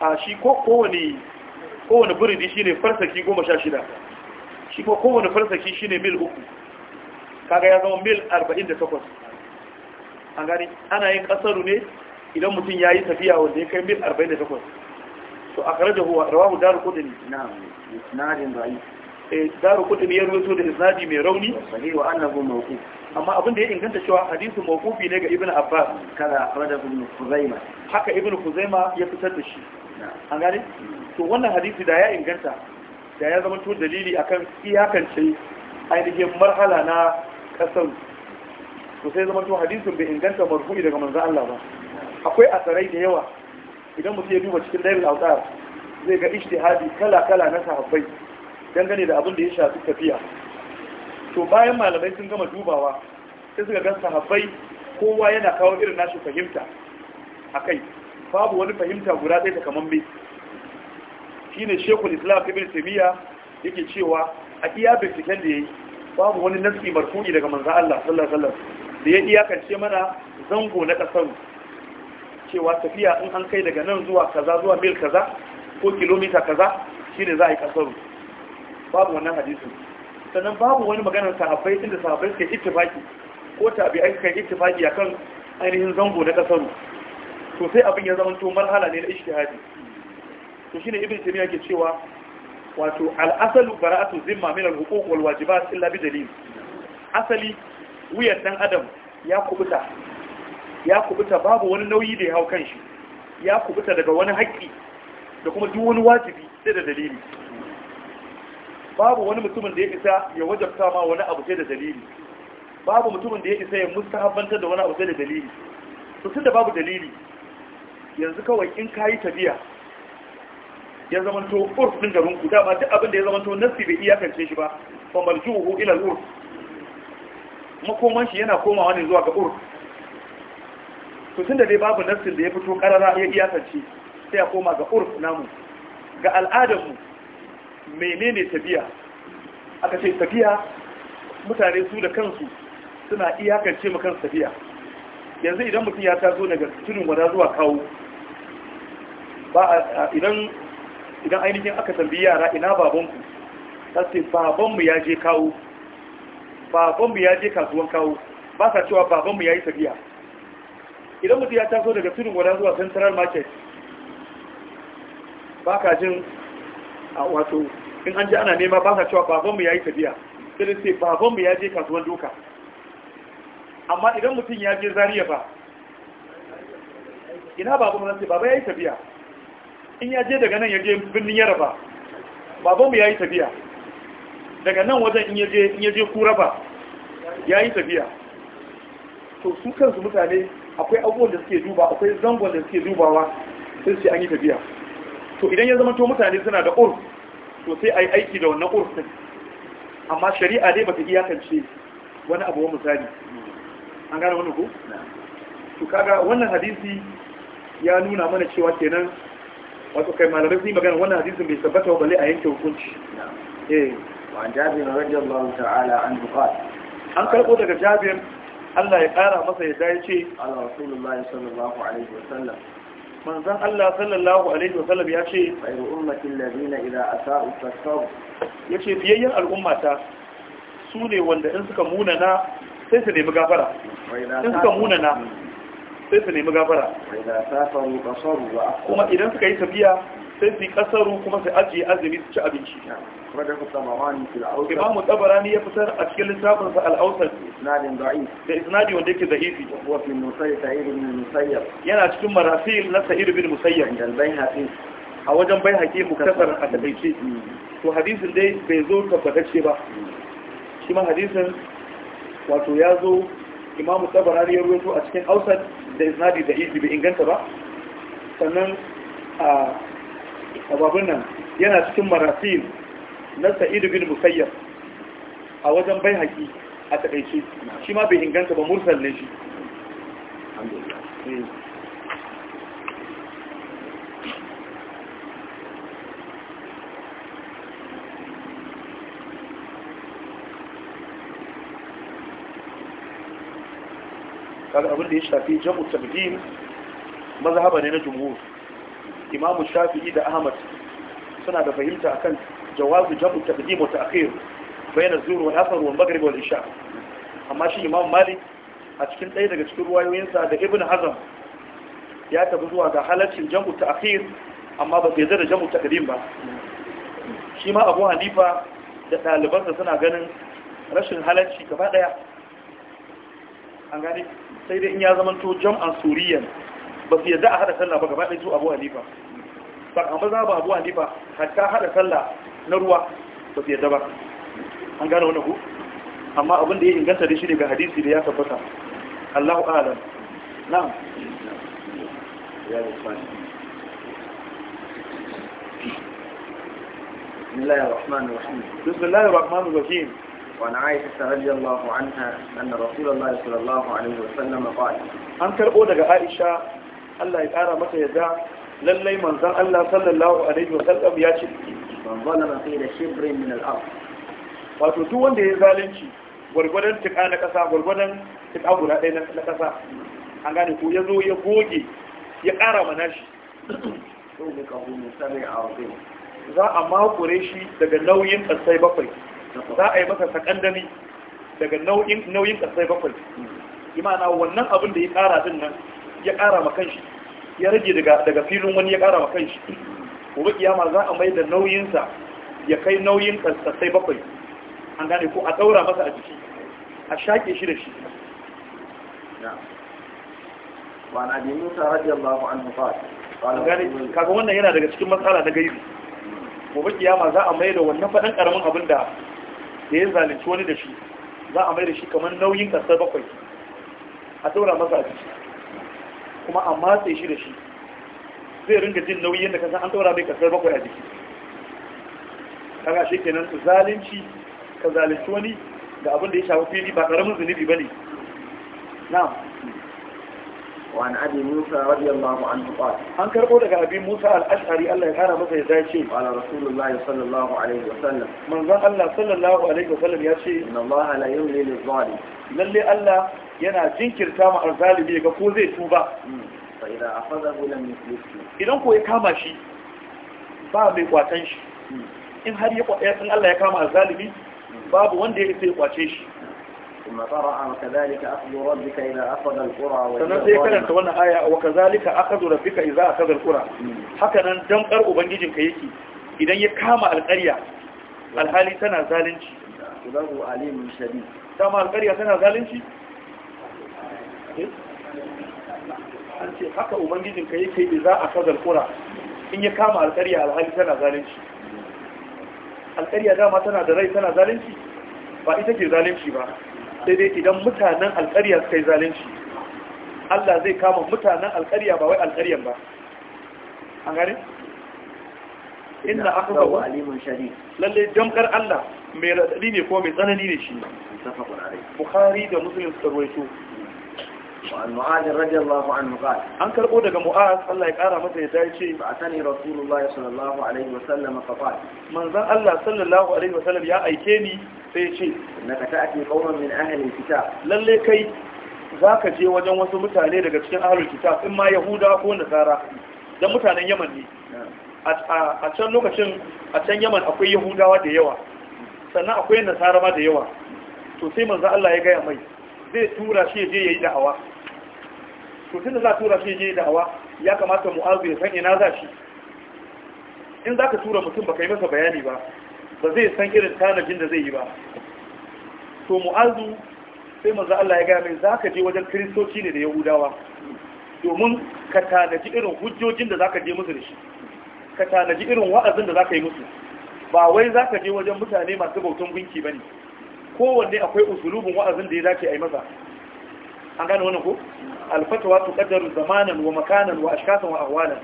a shi kowane kowane buridi shine farsaki 16 shi ko kowane farsaki shine mil uku kaga ya zama mil 48 an gani ana yin kasaru ne idan mutum ya yi tafiya wanda ya kai mil 48 to a kare da huwa rawahu daru kudin na isnadin ra'i eh daru kudin ya rawaito da isnadi mai rauni sahih wa annahu mawquf amma abin da ya inganta cewa hadisin mawqufi ne ga ibnu abbas kada akhraja ibn kuzaima haka ibnu kuzaima ya fitar da shi an gani to wannan hadisi da ya inganta da ya zama to dalili akan iyakance ainihin marhala na kasar su sai zama to hadisin bai inganta marfu'i daga manzo Allah ba akwai asarai da yawa idan mutum ya duba cikin dalil al zai ga ijtihadi kala kala na sahabbai dangane da abin da ya shafi tafiya to bayan malamai sun gama dubawa sai suka ga sahabbai kowa yana kawo irin nashi fahimta akai babu wani fahimta guda ɗaya ta kaman me shine shekul islam ibn taymiya yake cewa a iya binciken da ya yi. babu wani nasi marfu'i daga manzo Allah sallallahu alaihi wasallam da ya iyakance mana zango na kasan cewa tafiya in an kai daga nan zuwa kaza zuwa mil kaza ko kilomita kaza shine za a yi kasar babu wannan hadisi sannan babu wani maganar sahabbai inda sahabbai suke ittifaki ko tabi'ai suka ittifaki akan ainihin zango na kasar to sai abin ya zama to marhala ne na ishtihadi to shine ibn taymiya ke cewa wato al'asalu bara'atu zimma min al-huquq wal wajibat illa bi dalil asali wuyar dan adam ya kubuta ya kubuta babu wani nauyi da ya hau kanshi ya kubuta daga wani haƙƙi da kuma duk wani wajibi sai da dalili babu wani mutumin da ya isa ya wajabta ma wani abu sai da dalili babu mutumin da ya isa ya mustahabbanta da wani abu sai da dalili to tunda babu dalili yanzu kawai in kayi tafiya ya zamanto urf din garin ku ba duk abin da ya zamanto nasi bai iyakance shi ba fa marjuhu ila al-urf makoman shi yana komawa ne zuwa ga urf to tunda dai babu nasin da ya fito karara ya iyakance sai ya koma ga urf namu ga al'adar mu menene tabiya aka ce tabiya mutane su da kansu suna iyakance mu kan tabiya yanzu idan mutum ya taso daga tunin wada zuwa kawo ba idan idan ainihin aka tambayi yara ina babanku ta ce babanmu ya je kawo babanmu ya je kasuwan kawo ba sa cewa babanmu ya yi tafiya idan mutum ya taso daga tunin wada zuwa central market ba ka jin a wato in an ji ana nema ba sa cewa babanmu ya yi tafiya sai da ce babanmu ya je kasuwan doka amma idan mutum ya je zariya ba ina babanmu na ce baba ya yi tafiya in ya je daga nan ya je birnin yaraba babanmu ya yi tafiya daga nan wajen in ya je kuraba ya yi tafiya to su kansu mutane akwai abubuwan da suke duba akwai zangon da suke dubawa sai su an yi tafiya to idan ya zama to mutane suna da ur to sai a yi aiki da wannan ur sun amma shari'a dai bata iyakance wani abu misali an gane wani ku? to kaga wannan hadisi ya nuna mana cewa kenan wato kai malamai sun yi magana wannan hadisin bai tabbata balle a yanke hukunci eh wa an jabir radiyallahu ta'ala an buqat an karbo daga jabir Allah ya kara masa ya dai ce Allah rasulullahi sallallahu alaihi wasallam manzon Allah sallallahu alaihi ya ce khairu ummati alladhina asa'u yace biyayyan al'ummata su ne wanda in suka munana sai su nemi gafara in suka munana sai su nemi gabara. kuma idan suka yi tafiya sai su yi kasaru kuma su ajiye azumi su ci abinci imamu tabarani ya fitar a cikin littafinsa al'ausar da isnadi wanda yake za'ifi yana cikin marasil na sa'ir bin musayyar a wajen bai haƙi mukasar a taɓaice mm. to hadisin dai bai zo tabbatacce ba mm. shi ma hadisin wato ya zo imamu tabarani ya ruwaito a cikin ausar da isnadi da izi bai inganta ba sannan a sababin nan yana cikin marafin na sa'idu bin musayyar a wajen bai haƙi a taƙaice shi ma bai inganta ba mursal ne shi kaga abin da ya shafi jam'u tabdil mazhaba ne na jumhur imam shafi'i da ahmad suna da fahimta akan jawazu jam'u taqdim wa ta'khir bayan az-zuhr asr wal maghrib wal isha amma shi imam malik a cikin ɗaya daga cikin ruwayoyinsa da ibn hazm ya tafi zuwa ga halaccin jam'u ta'khir amma ba sai da jam'u taqdim ba shi ma abu hanifa da ɗalibansa suna ganin rashin halacci gaba ɗaya an gane sai dai in ya zama to jam'an suriyan ba su yadda a hada sallah ba gaba ɗaya su abu hanifa ba amma za ba abu hanifa hatta hada sallah na ruwa ba su yadda ba an gane wani ku amma abin da ya inganta da shi daga hadisi da ya tabbata Allahu a'lam na'am ya بسم الله الرحمن الرحيم بسم الله الرحمن الرحيم وعن عائشة رضي الله عنها أن رسول الله صلى الله عليه وسلم قال أن ترؤوا لك عائشة الله يقارى متى يدع للي من ذا الله صلى الله عليه وسلم ياتي من ظلم قيل شبر من الأرض wato duk wanda ya zalunci gwargwadon tuka na ƙasa gwargwadon tuka guda ɗaya na ƙasa an gane ko ya zo ya goge ya ƙara mana shi za a makure shi daga nauyin ƙasai bakwai za a yi masa sakandami daga nauyin kasai bakwai imana wannan abin da ya kara din nan ya kara makan kanshi ya rage daga filin wani ya kara makan kanshi gobe kiyama za a mai da nauyin sa ya kai nauyin kasai bakwai an gane ko a daura masa a jiki a shake shi da shi وعن أبي موسى رضي الله an gane kaga wannan yana daga cikin matsala na gaibi gobe kiyama za a mai da wannan faɗin ƙaramin abin da da ya zalunci wani da shi za a mai da shi kamar nauyin kasar bakwai a taura masa a jiki kuma a matse shi da shi zai ringa jin nauyi yadda kasan an taura mai kasar bakwai a jiki kaga shi kenan zalunci ka zalunci wani da abin da ya shafi fili ba karamin zunubi ba ne na'am وعن أبي موسى رضي الله عنه قال عن كربولك أبي موسى الأشعري الله يحارى مثل إذا شيء قال رسول الله صلى الله عليه وسلم من ذا الله صلى الله عليه وسلم يا شيء إن الله لا يملي للظالم للي الله ينا جنكر كاما الظالم يقفو زي توبا فإذا أخذه لم يفلسه إذا كو يكاما شي باب يقواتن شيء إن هل يقواتن الله يكاما الظالم باب وان دي يقواتن شيء ثم قرأ وكذلك أخذ ربك إذا أخذ القرى سنزي كلام تولنا آية وكذلك أخذ ربك إذا أخذ القرى حكا ننجم قرأ بنجيجن كيكي إذن يكام القرية الحالي سنة ذالنج له أليم شديد كام القرية سنة ذالنج an ce haka ubangijinka yake da za a kazar kura in ya kama alkariya alhali tana zalunci alkariya dama tana da rai tana zalunci ba ita ke zalunci ba sai dai idan mutanen alƙarya suka yi zalunci Allah zai kama mutanen alƙarya ba wai alƙaryan ba an gane inna akhdahu alimun shadid lalle jamkar Allah mai radadi ne ko mai tsanani ne shi bukhari da muslim suka ruwaito وعن معاذ رضي الله عنه قال أنك رقود معاذ الله يقارى متى يتايشي فأتني رسول الله صلى الله عليه وسلم فقال من ذا الله صلى الله عليه وسلم يا أيكيني فيشي إنك تأتي قوما من أهل الكتاب للي كي ذاك جي وجن وسمتا لي daga cikin ahlul kitab in ma yahuda ko nasara dan mutanen yaman ne a can lokacin a can yaman akwai yahudawa da yawa sannan akwai nasara da yawa to sai manzo Allah ya gaya mai zai tura shi je yayi da'awa to da za tura shi da da'awa ya kamata mu'azu ya san ina za shi in za ka tura mutum ba ka yi masa bayani ba ba zai san irin tanajin da zai yi ba to mu'azu sai maza Allah ya gaya mai za ka je wajen kiristoci ne da yahudawa domin ka tanaji irin hujjojin da za ka je musu da shi ka tanaji irin wa'azin da za ka yi musu ba wai za ka je wajen mutane masu bautan gunki ba ne kowanne akwai usulubin wa'azin da ya dace a yi masa an gane wani ko alfatawa su qaddaru zamanin wa makanan wa ashkasan wa ahwalan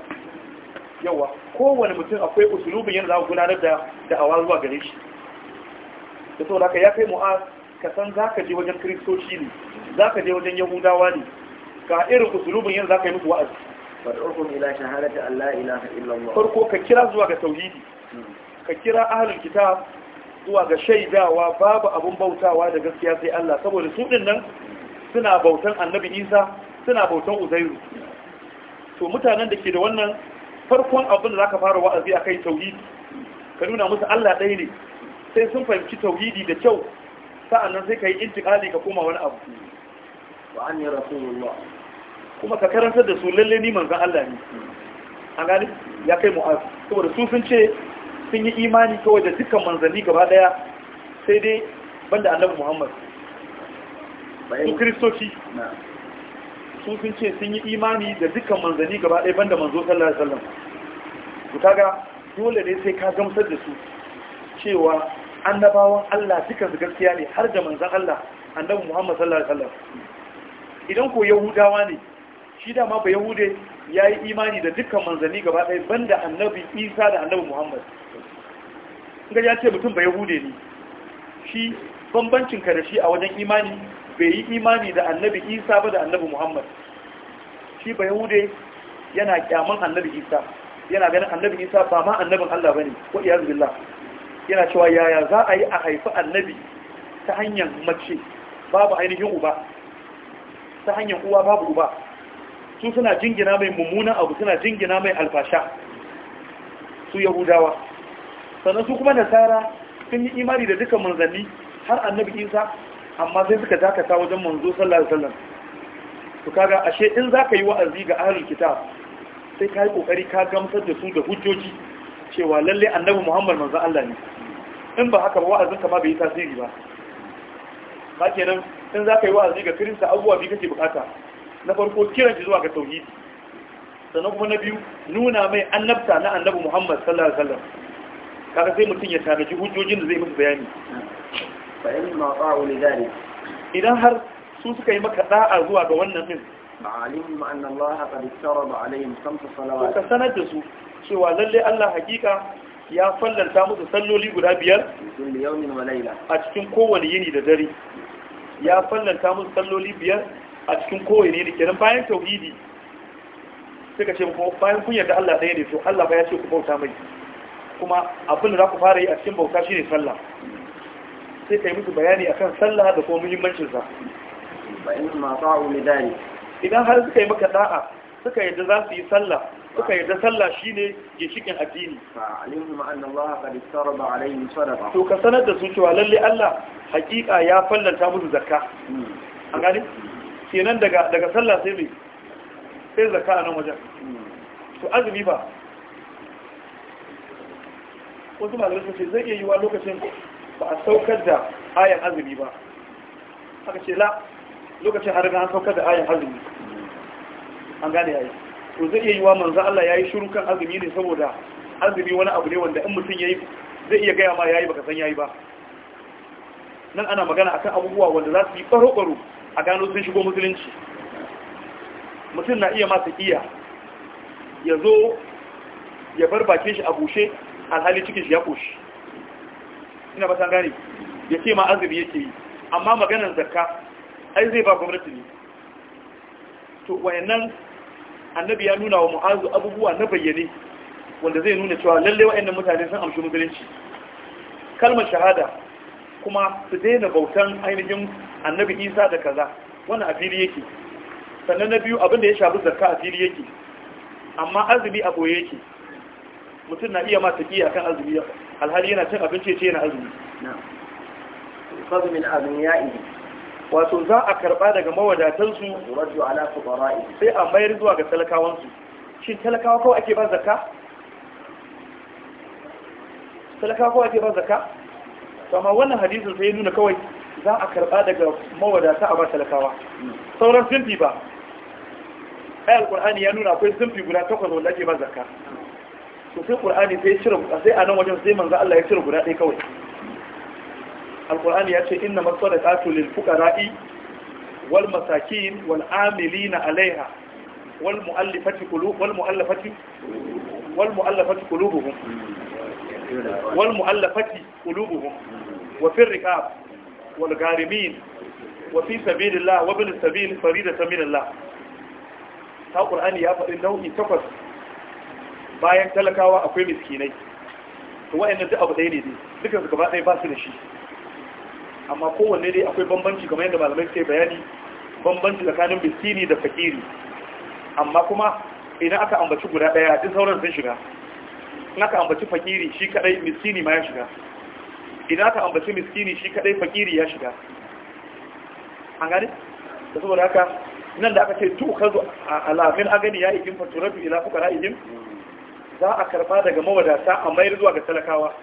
yawa kowane mutum akwai usulubin yadda za ku gudanar da da'awa zuwa gare shi da sau da ka ya kai mu'a ka san za ka je wajen kiristoci ne za ka je wajen yahudawa ne Ka irin usulubin yadda za ka yi musu wa'azi farko ka kira zuwa ga tauhidi ka kira ahalin kitab zuwa ga shaidawa babu abun bautawa da gaskiya sai Allah saboda su din nan suna bautan annabi isa suna bautan uzairu to mutanen da ke da wannan farkon abin da za ka fara wa'azi a kai tauhidi ka nuna musu allah ɗaya ne sai sun fahimci tauhidi da kyau sa'annan sai ka yi intikali ka koma wani abu an yi rasulullah kuma ka karantar da su lalle ni manzan allah ne an gani ya kai mu'az saboda su sun ce sun yi imani kawai da dukkan manzanni gaba daya sai dai banda annabi muhammad ku kristoci su ce sun yi imani da dukkan manzanni gaba ɗaya banda manzo sallallahu alaihi ku ta ga dole ne sai ka gamsar da su cewa annabawan Allah dukkan su gaskiya ne har da manzan Allah annabi Muhammad sallallahu alaihi sallam. idan ko yahudawa ne shi dama ba yahude ya yi imani da dukkan manzanni gaba ɗaya banda annabi Isa da annabi Muhammad ga ya ce mutum ba yahude ne shi bambancinka ka da shi a wajen imani bai yi imani da annabi isa ba da annabi muhammad shi ba hude yana kyaman annabi isa yana ganin annabi isa ba ma annabin allah ba ne ko iya zubillah yana cewa yaya za a yi a haifi annabi ta hanyar mace babu ainihin uba ta hanyar uwa babu uba su suna jingina mai mummunan abu suna jingina mai alfasha su yahudawa sannan su kuma nasara sun yi imani da duka manzanni har annabi isa amma sai suka dakata wajen manzo sallallahu alaihi wasallam to kaga ashe in zaka yi wa'azi ga ahlul kitab sai kai kokari ka gamsar da su da hujjoji cewa lalle annabi Muhammad manzo Allah ne in ba haka ba wa'azin ka ma bai tasiri ba ba kenan in zaka yi wa'azi ga kirista abubuwa bi kake bukata na farko kiran shi zuwa ga tauhidi sannan kuma na biyu nuna mai annabta na annabi Muhammad sallallahu alaihi wasallam kaga sai mutum ya tanaji hujjojin da zai musu bayani idan har sun suka yi maka da'a zuwa ga wannan din ma'alim anna Allah qad istarada alaihim khams salawat ka sanar da su cewa lalle Allah hakika ya fallanta musu salloli guda biyar kulli yawmin wa layla a cikin kowane yini da dare ya fallanta musu salloli biyar a cikin kowane yini kiran bayan tauhidi suka ce ko bayan kun yarda Allah ɗaya ne to Allah ba ya ce ku bauta mai kuma abin da za ku fara yi a cikin bauta shine sallah sai ka yi musu bayani akan sallah da kuma muhimmancinsa idan har suka yi maka da'a suka yadda za su yi sallah suka yadda sallah ke ginshikin addini to ka sanar da su cewa lalle Allah hakika ya fallanta musu zakka hmm. A gani kenan daga daga sallah sai mai sai zakka a nan wajen hmm. to azumi ba wasu malamai sun ce zai iya yiwa lokacin ba a saukar da ayan azumi ba haka ce la lokacin har an saukar da ayan azumi an gane yayi to zai iya yiwa manzo Allah yayi shiru kan azumi ne saboda azumi wani abu ne wanda in mutum yi zai iya gaya ma yayi baka san yayi ba nan ana magana akan abubuwa wanda za su yi baro-baro a gano sun shigo musulunci mutum na iya masa iya ya zo ya bar bakin shi a bushe alhali cikin shi ya koshi ina ba san gane ya ce ma azumi yake yi amma maganar zakka ai zai ba gwamnati ne to wayannan annabi ya nuna wa mu'azu abubuwa na bayyane wanda zai nuna cewa lalle wayannan mutane sun amshi musulunci kalmar shahada kuma su daina bautan ainihin annabi isa da kaza wannan a fili yake sannan na biyu abin da ya shafi zakka a fili yake amma azumi a boye yake mutum na iya mata kiya kan azumi alhali yana cin abinci ce yana azumi fadmin agniyai wato za a karba daga mawadatansu su raddu ala fuqara'i sai a mayar zuwa ga talakawansu. su shin talakawa kawai ake ba zakka talakawa kawai ake ba zakka amma wannan hadisin sai ya nuna kawai za a karba daga mawadata a ba talakawa sauran sinfi ba ayal qur'ani ya nuna akwai sinfi guda takwas wanda ake ba zakka to sai qur'ani sai cire sai anan nan wajen sai manzo Allah ya cire guda ɗaya kawai alqur'ani ya ce inna masadaqatu lil fuqara'i wal masakin wal amilina alaiha wal mu'allafati qulub wal mu'allafati wal mu'allafati qulubuhum wal mu'allafati qulubuhum wa fi riqab wal garimin wa fi sabilillah wa bil sabil faridatan minallah ta qur'ani ya faɗi nau'i takwas bayan talakawa akwai miskinai to wa'anda duk abu ɗaya ne dukkan su gaba ɗaya ba su da shi amma kowanne dai akwai bambanci kamar yadda malamai suke bayani bambanci tsakanin miskini da fakiri amma kuma idan aka ambaci guda ɗaya duk sauran sun shiga in aka ambaci fakiri shi kadai miskini ma ya shiga idan aka ambaci miskini shi kadai fakiri ya shiga an gani da saboda haka nan da aka ce tu kazo alamin agani ya ikin faturatu ila fukara ihim za a karba daga mawadata a mayar zuwa ga talakawa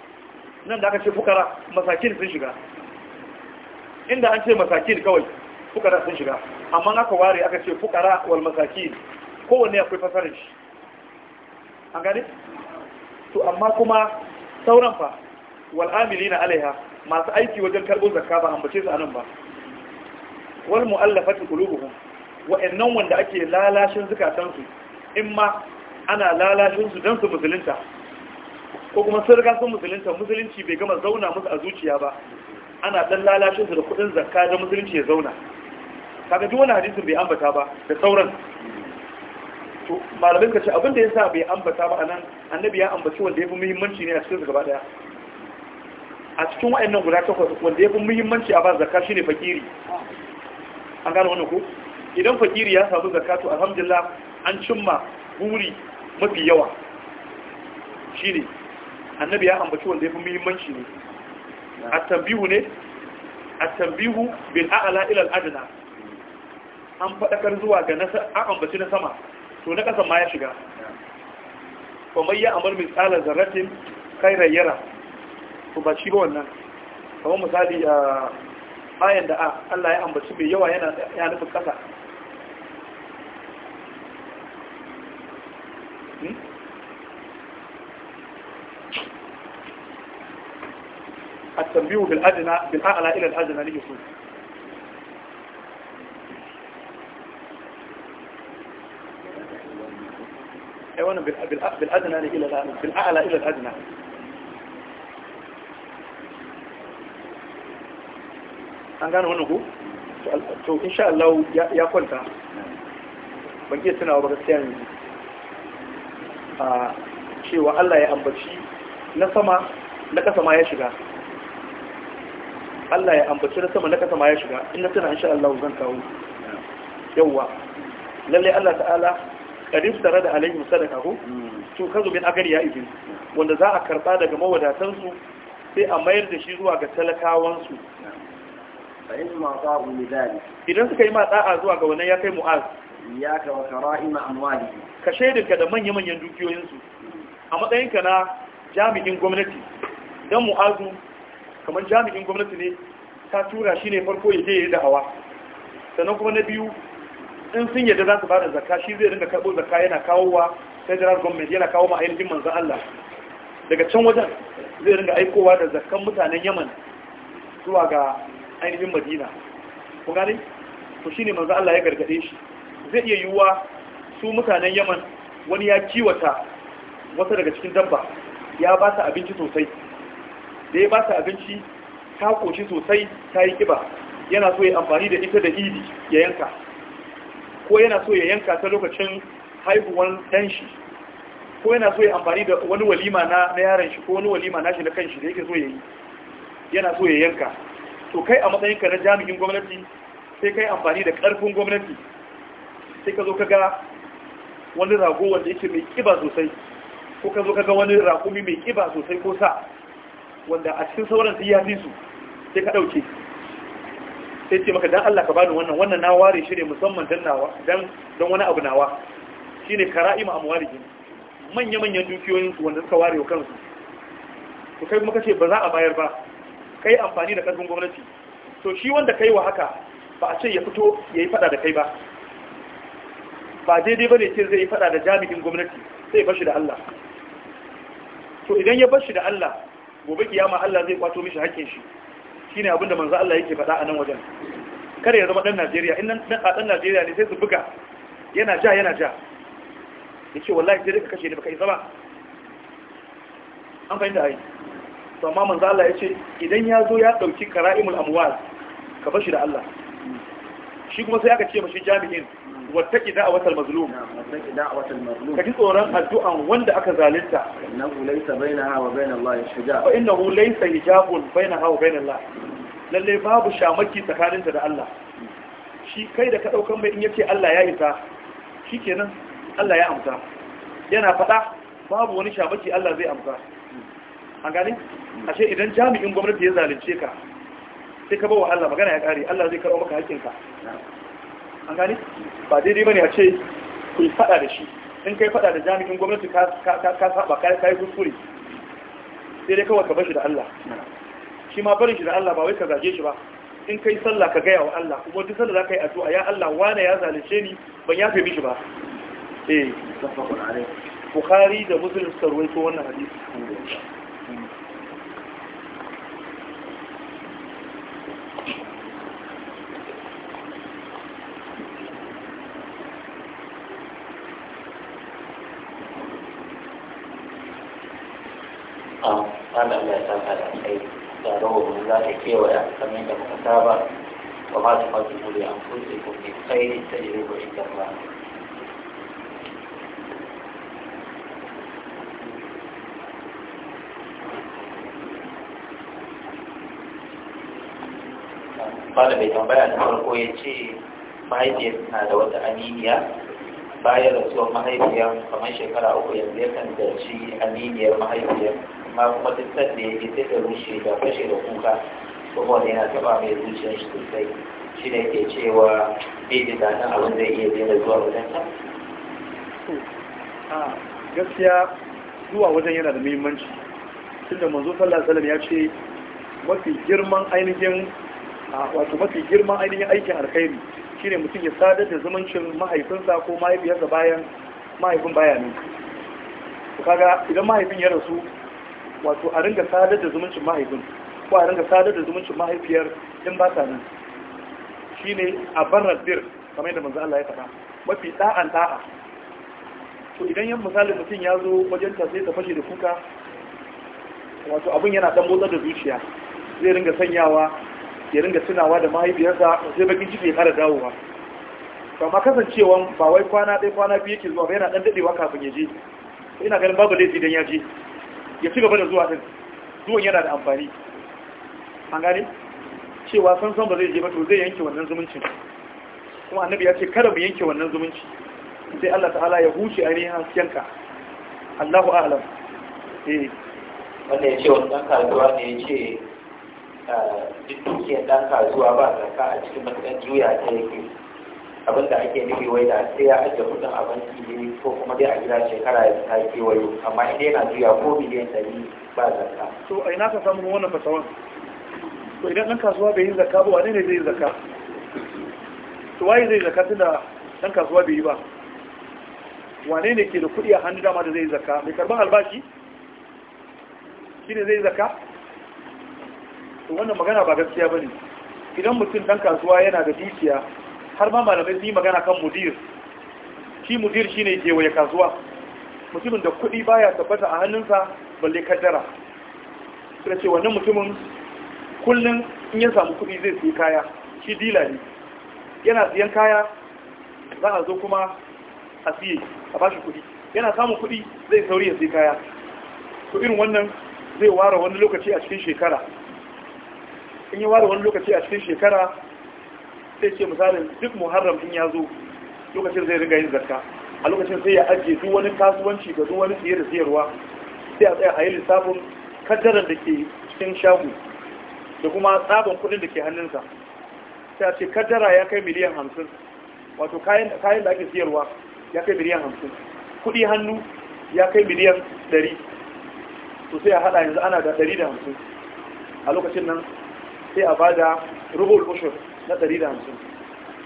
nan da aka ce fukara masakin sun shiga inda an ce masakin kawai fukara sun shiga amma aka ware aka ce fukara wal masakin kowanne akwai fasarar shi an gani? to amma kuma sauran fa wal na alaiha masu aiki wajen karbo zakka ba ambace su anan ba wal mu'allafati qulubuhum wa'annan wanda ake lalashin zukatansu in ma ana lalashin su don su musulunta ko kuma sun riga sun musulunta musulunci bai gama zauna musu a zuciya ba ana dan lalashinsu su da kudin zakka da musulunci ya zauna kaga duk wani hadisin bai ambata ba da sauran to malamin ka ce abin da yasa bai ambata ba anan annabi ya ambaci wanda yafi muhimmanci ne a cikin su gaba daya a cikin wayannan guda takwas wanda yafi muhimmanci a ba zakka shine fakiri an gane wannan ko idan fakiri ya samu zakka to alhamdulillah an cimma buri mafi yawa shi ne annabi ya ambaci wanda ya fi muhimmanci ne a tambihu ne a tambihu bin a'ala ilal an faɗakar zuwa ga an ambaci na sama to na ƙasa ma ya shiga kamar ya amar tsala zarratin kairar yara to ba shi ba wannan kamar misali a ah, bayan da Allah ya ambaci mai yawa yana nufin ƙasa tambihu bil adna bil a'la ila al adna nake so ai ne an gane wani ku, to insha Allah ya kwanta ban iya tunawa ba gaskiya yanzu a cewa Allah ya ambaci na sama na kasa ma ya shiga Allah ya ambaci na sama na kasa ma ya shiga Ina tana insha Allah zan kawo yawa lalle Allah ta'ala kadif tare da alaihim da ko to kazo bin agari ya izini. wanda za a karba daga mawadatan su sai a mayar da shi zuwa ga talakawan su idan suka yi ma da'a zuwa ga wannan ya kai mu'az ya ka wa kara'ima amwali ka shaidinka da manya-manyan dukiyoyinsu a matsayinka na jami'in gwamnati don mu'azu kamar jami'in gwamnati ne ta tura shi ne farko ya je ya da'awa sannan kuma na biyu in sun yadda za su ba da zaka shi zai dinga karɓo zaka yana kawo wa federal government yana kawo ma ainihin manzan Allah daga can wajen zai dinga aikowa da zakan mutanen Yaman zuwa ga ainihin Madina ku gane to shi ne manzan Allah ya gargade shi zai iya yiwuwa su mutanen Yaman wani ya kiwata wata daga cikin dabba ya ba ta abinci sosai da ya ba ta abinci ta koshi sosai ta yi kiba yana so ya amfani da ita da idi ya yanka ko yana so ya yanka ta lokacin haihuwan dan shi ko yana so ya amfani da wani walima na yaran shi ko wani walima na shi na kanshi da yake so ya yi yana so ya yanka to kai a matsayin ka na jami'in gwamnati sai kai amfani da karfin gwamnati sai ka zo ka ga wani rago wanda yake mai kiba sosai ko ka zo ka ga wani rakumi mai kiba sosai ko sa wanda a cikin sauran sai ya fi su sai ka ɗauke sai ce maka don Allah ka bani wannan wannan na ware shi ne musamman don nawa dan dan wani abu nawa shine kara'ima amwalihim manya manyan dukiyoyinsu wanda suka ware wa kansu Su kai maka ce ba za a bayar ba Ka yi amfani da ƙarfin gwamnati to shi wanda ka yi wa haka ba a ce ya fito ya yi fada da kai ba ba daidai ba ne ce zai yi fada da jami'in gwamnati sai ya bashi da Allah to idan ya bashi da Allah gobe kiyama Allah zai kwato mishi hakkin shi shine abin da manzo Allah yake faɗa a nan wajen kada ya zama dan Najeriya in nan dan Najeriya ne sai su buga yana ja yana ja yace wallahi sai ka kashe ni baka isa ba an fahimta ai to amma manzo Allah yace idan ya zo ya dauki kara'imul amwal ka bar shi da Allah shi kuma sai aka ce mashi jami'in wattaki da'awatal mazlum ka ji tsoron addu'an wanda aka zalunta innahu laysa bainaha wa bain Allah hijab fa innahu laysa hijabun bainaha wa bain Allah lalle babu shamaki tsakaninta da Allah shi kai da ka daukan mai in yake Allah ya isa shikenan Allah ya amsa yana fada babu wani shamaki Allah zai amsa an gane ashe idan jami'in gwamnati ya zalunce ka sai ka bawa Allah magana ya kare Allah zai karo maka hakkinka an gani ba daidai bane a ce ku yi fada da shi in kai fada da jami'in gwamnati ka saba ka yi kuskure sai dai kawai ka bashi da Allah shi ma barin shi da Allah ba wai ka zage shi ba in kai sallah ka gaya wa Allah kuma duk sallah zaka yi addu'a ya Allah wane ya zalunce ni ban yafe mishi ba eh Bukhari da Muslim sarwaito wannan hadisi kewaya kamar yadda muka saba wa ma ta fasu buri an kusa ko ke kai ta yi rubu ba Fada bai tambaya na farko ya ce mahaifiyar na da wata aminiya bayan rasuwar mahaifiyar kamar shekara uku yanzu ya kan zarci aminiyar mahaifiyar amma kuma duk sanda ya ke sai da rushe da fashe da kuka saboda yana taba mai zuciyar shi sosai shi ne ke cewa bai ji a abin zai iya daina zuwa wajen sa ah, gaskiya zuwa wajen yana da muhimmanci tunda manzo sallallahu alaihi ya ce mafi girman ainihin wato mafi girman ainihin aikin alkhairi shine mutum ya sadar da zumuncin mahaifinsa ko mahaifiyarsa bayan mahaifin baya ne kaga idan mahaifin ya rasu wato a ringa sadar da zumuncin mahaifin ko a sadar da zumuncin mahaifiyar in ba ta nan ne a barar bir kamar yadda manzo Allah ya faɗa mafi da'an da'a to idan yan misalin mutum ya zo wajen ta sai ta fashe da kuka wato abin yana dan motsar da zuciya zai ringa sanyawa ya ringa tunawa da mahaifiyarsa sai bakin ciki ya fara dawowa to amma kasancewan ba wai kwana ɗaya kwana biyu yake zuwa ba yana ɗan daɗewa kafin ya je ina ganin babu laifi don ya je ya ci gaba da zuwa ɗin zuwan yana da amfani an gane cewa san san ba zai je ba to zai yanke wannan zumuncin kuma annabi ya ce kada mu yanke wannan zumunci sai Allah ta'ala ya huce a rihan haskenka Allahu a'lam eh wanda ya ce wani dan kasuwa ne ya ce ah, duk dukiyar dan kasuwa ba zaka a cikin matsayin juya ta yake abin da ake nufi wai da sai ya ajiye kudin a banki ne ko kuma dai a gida shekara ya ta kewayo amma idan yana juya ko miliyan ɗari ba zaka to a ina ka samu wannan fasawan to idan ɗan kasuwa bai yi zakka ba wane ne zai yi zakka to waye zai zakka tunda ɗan kasuwa bai yi ba wane ne ke da kuɗi a hannu dama da zai yi zakka mai karban albashi shi ne zai zakka to wannan magana ba gaskiya ba ne idan mutum ɗan kasuwa yana da dukiya har ma malamai sun yi magana kan mudir shi mudir shi ne kewaye kasuwa mutumin da kuɗi baya tabbata a hannunsa balle kaddara sai ce wannan mutumin kullum in ya samu kuɗi zai siya kaya shi dila ne yana siyan kaya za a zo kuma a siye a bashi kuɗi yana samun kuɗi zai sauri ya sai kaya to irin wannan zai ware wani lokaci a cikin shekara in yi ware wani lokaci a cikin shekara sai ce misalin duk muharram in ya zo lokacin zai riga yin zarka, a lokacin sai ya ajiye duk wani kasuwanci ga duk wani siye da siyarwa sai a tsaya a yi lissafin kaddarar da ke cikin shago da kuma tsabon kudin da ke hannunsa sai a ce kaddara ya kai miliyan hamsin wato kayan da ake siyarwa ya kai miliyan hamsin kudi hannu ya kai miliyan dari to sai a hada yanzu ana da dari da hamsin a lokacin nan sai a ba da rubul ulkushur na dari da hamsin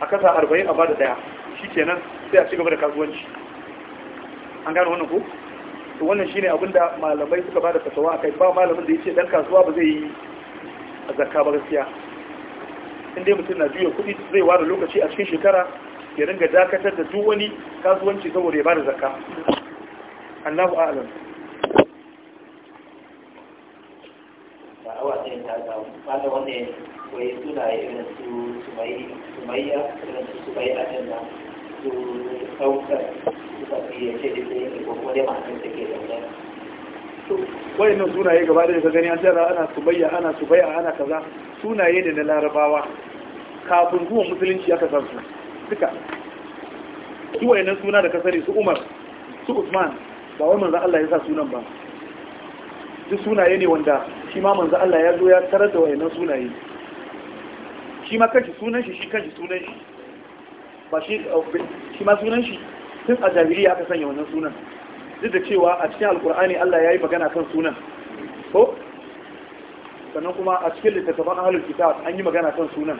a kasa arba'in a ba da daya shi kenan sai a ci gaba da kasuwanci an gano wannan ko to wannan shine abinda malamai suka ba da fasawa kai ba malamin da ya ce dan kasuwa ba zai yi zarka ba gaskiya inda mutum na juya kuɗi zai ware lokaci a cikin shekara ya ringa dakatar da duk wani kasuwanci saboda ya bada zakka Allahu a'lam ba awa ta su sumayya su su da kuma da ke wayannan sunaye gaba da ka gani an tara ana subayya ana subayya ana kaza sunaye ne na larabawa kafin kuma musulunci aka san su duka su wayannan suna da kasari su umar su usman ba wai manzo Allah ya sa sunan ba duk sunaye ne wanda shi ma manzo Allah ya zo ya tarar da wayannan sunaye shi ma kanshi sunan shi shi kanshi sunan shi ba shi shi ma sunan shi tun a jahiliya aka sanya wannan sunan duk da cewa a cikin alkur'ani Allah ya yi magana kan sunan ko sannan kuma a cikin littattafan ahalul kitab an yi magana kan sunan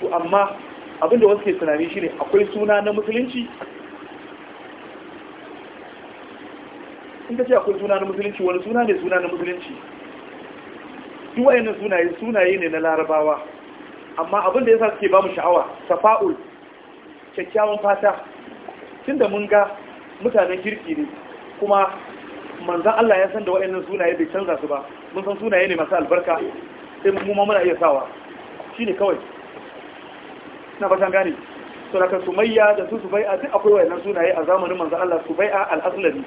to amma abinda wasu ke tunani shi ne, akwai suna na musulunci in ka ce akwai suna na musulunci wani suna ne suna na musulunci duk wayannan sunaye sunaye ne na larabawa amma abin da yasa suke ba mu sha'awa safa'ul kyakkyawan fata tunda mun ga mutanen kirki ne kuma manzan Allah ya san da waɗannan sunaye bai canza su ba mun san sunaye ne masu albarka sai mu ma muna iya sawa Shi ne kawai na fatan gane to kan sumayya da su subai'a duk akwai waɗannan sunaye a zamanin manzan Allah subai'a al-aslami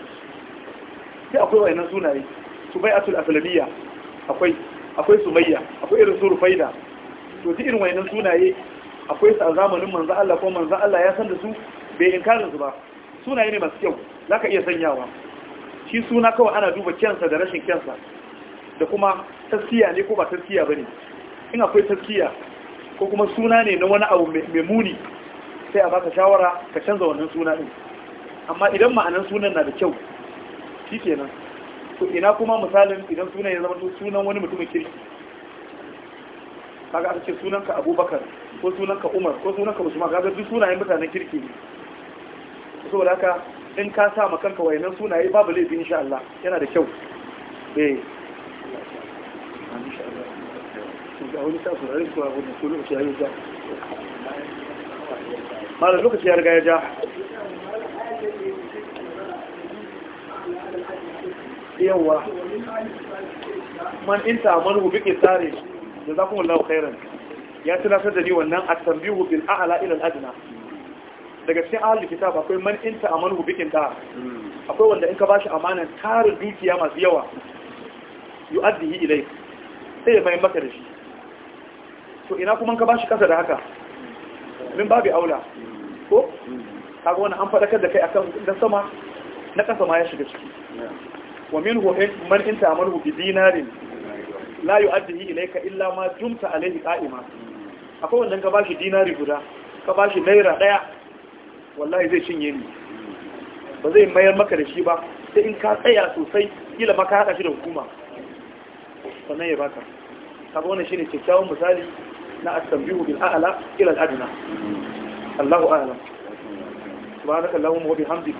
sai akwai waɗannan sunaye subai'atul aslamiyya akwai akwai sumayya akwai irin su rufaida to duk irin waɗannan sunaye akwai su a zamanin manzan Allah ko manzan Allah ya san da su bai inkarin su ba sunaye ne masu kyau za ka iya sanyawa shi suna kawai ana duba kyansa da rashin kyansa da kuma taskiya ne ko ba taskiya ba ne in akwai taskiya ko kuma suna ne na wani abu mai muni sai a baka shawara ka canza wannan suna ɗin amma idan ma'anan sunan na da kyau shi kenan to ina kuma misalin idan sunan ya zama sunan wani mutumin kirki kaga aka ce sunanka abubakar ko sunanka umar ko sunanka usman kaga duk sunayen mutanen kirki ne saboda haka in ka sa ma kanka wayannan sunaye babu laifi insha Allah yana da kyau eh mara lokaci ya riga ya ja yawa man inta jazakumullahu khairan ya tunatar da ni wannan at-tanbihu bil a'la ila al-adna daga cikin ahalin kitab akwai man inta amanu bikin da akwai wanda in ka ba shi amanan tarin dukiya masu yawa yu'addihi ilai sai ya bayan maka da shi to ina kuma ka ba shi kasa da haka min babu aula ko kaga wani an faɗakar da kai akan da sama na kasa ma ya shiga ciki wa min minhu man inta amanu bi dinarin la yu'addihi ka illa ma dumta alayhi qa'ima akwai wanda ka ba shi dinari guda ka ba shi naira ɗaya? wallahi zai cinye ni ba zai mayar maka da shi ba sai in ka tsaya sosai kila maka haɗa shi da hukuma sannan ya baka kaga wannan shine kyakkyawan misali na at-tanbihu bil a'la ila al-adna Allahu a'lam subhanaka allahumma wa bihamdik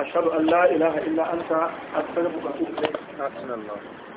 ashhadu an la ilaha illa anta astaghfiruka wa atubu ilayk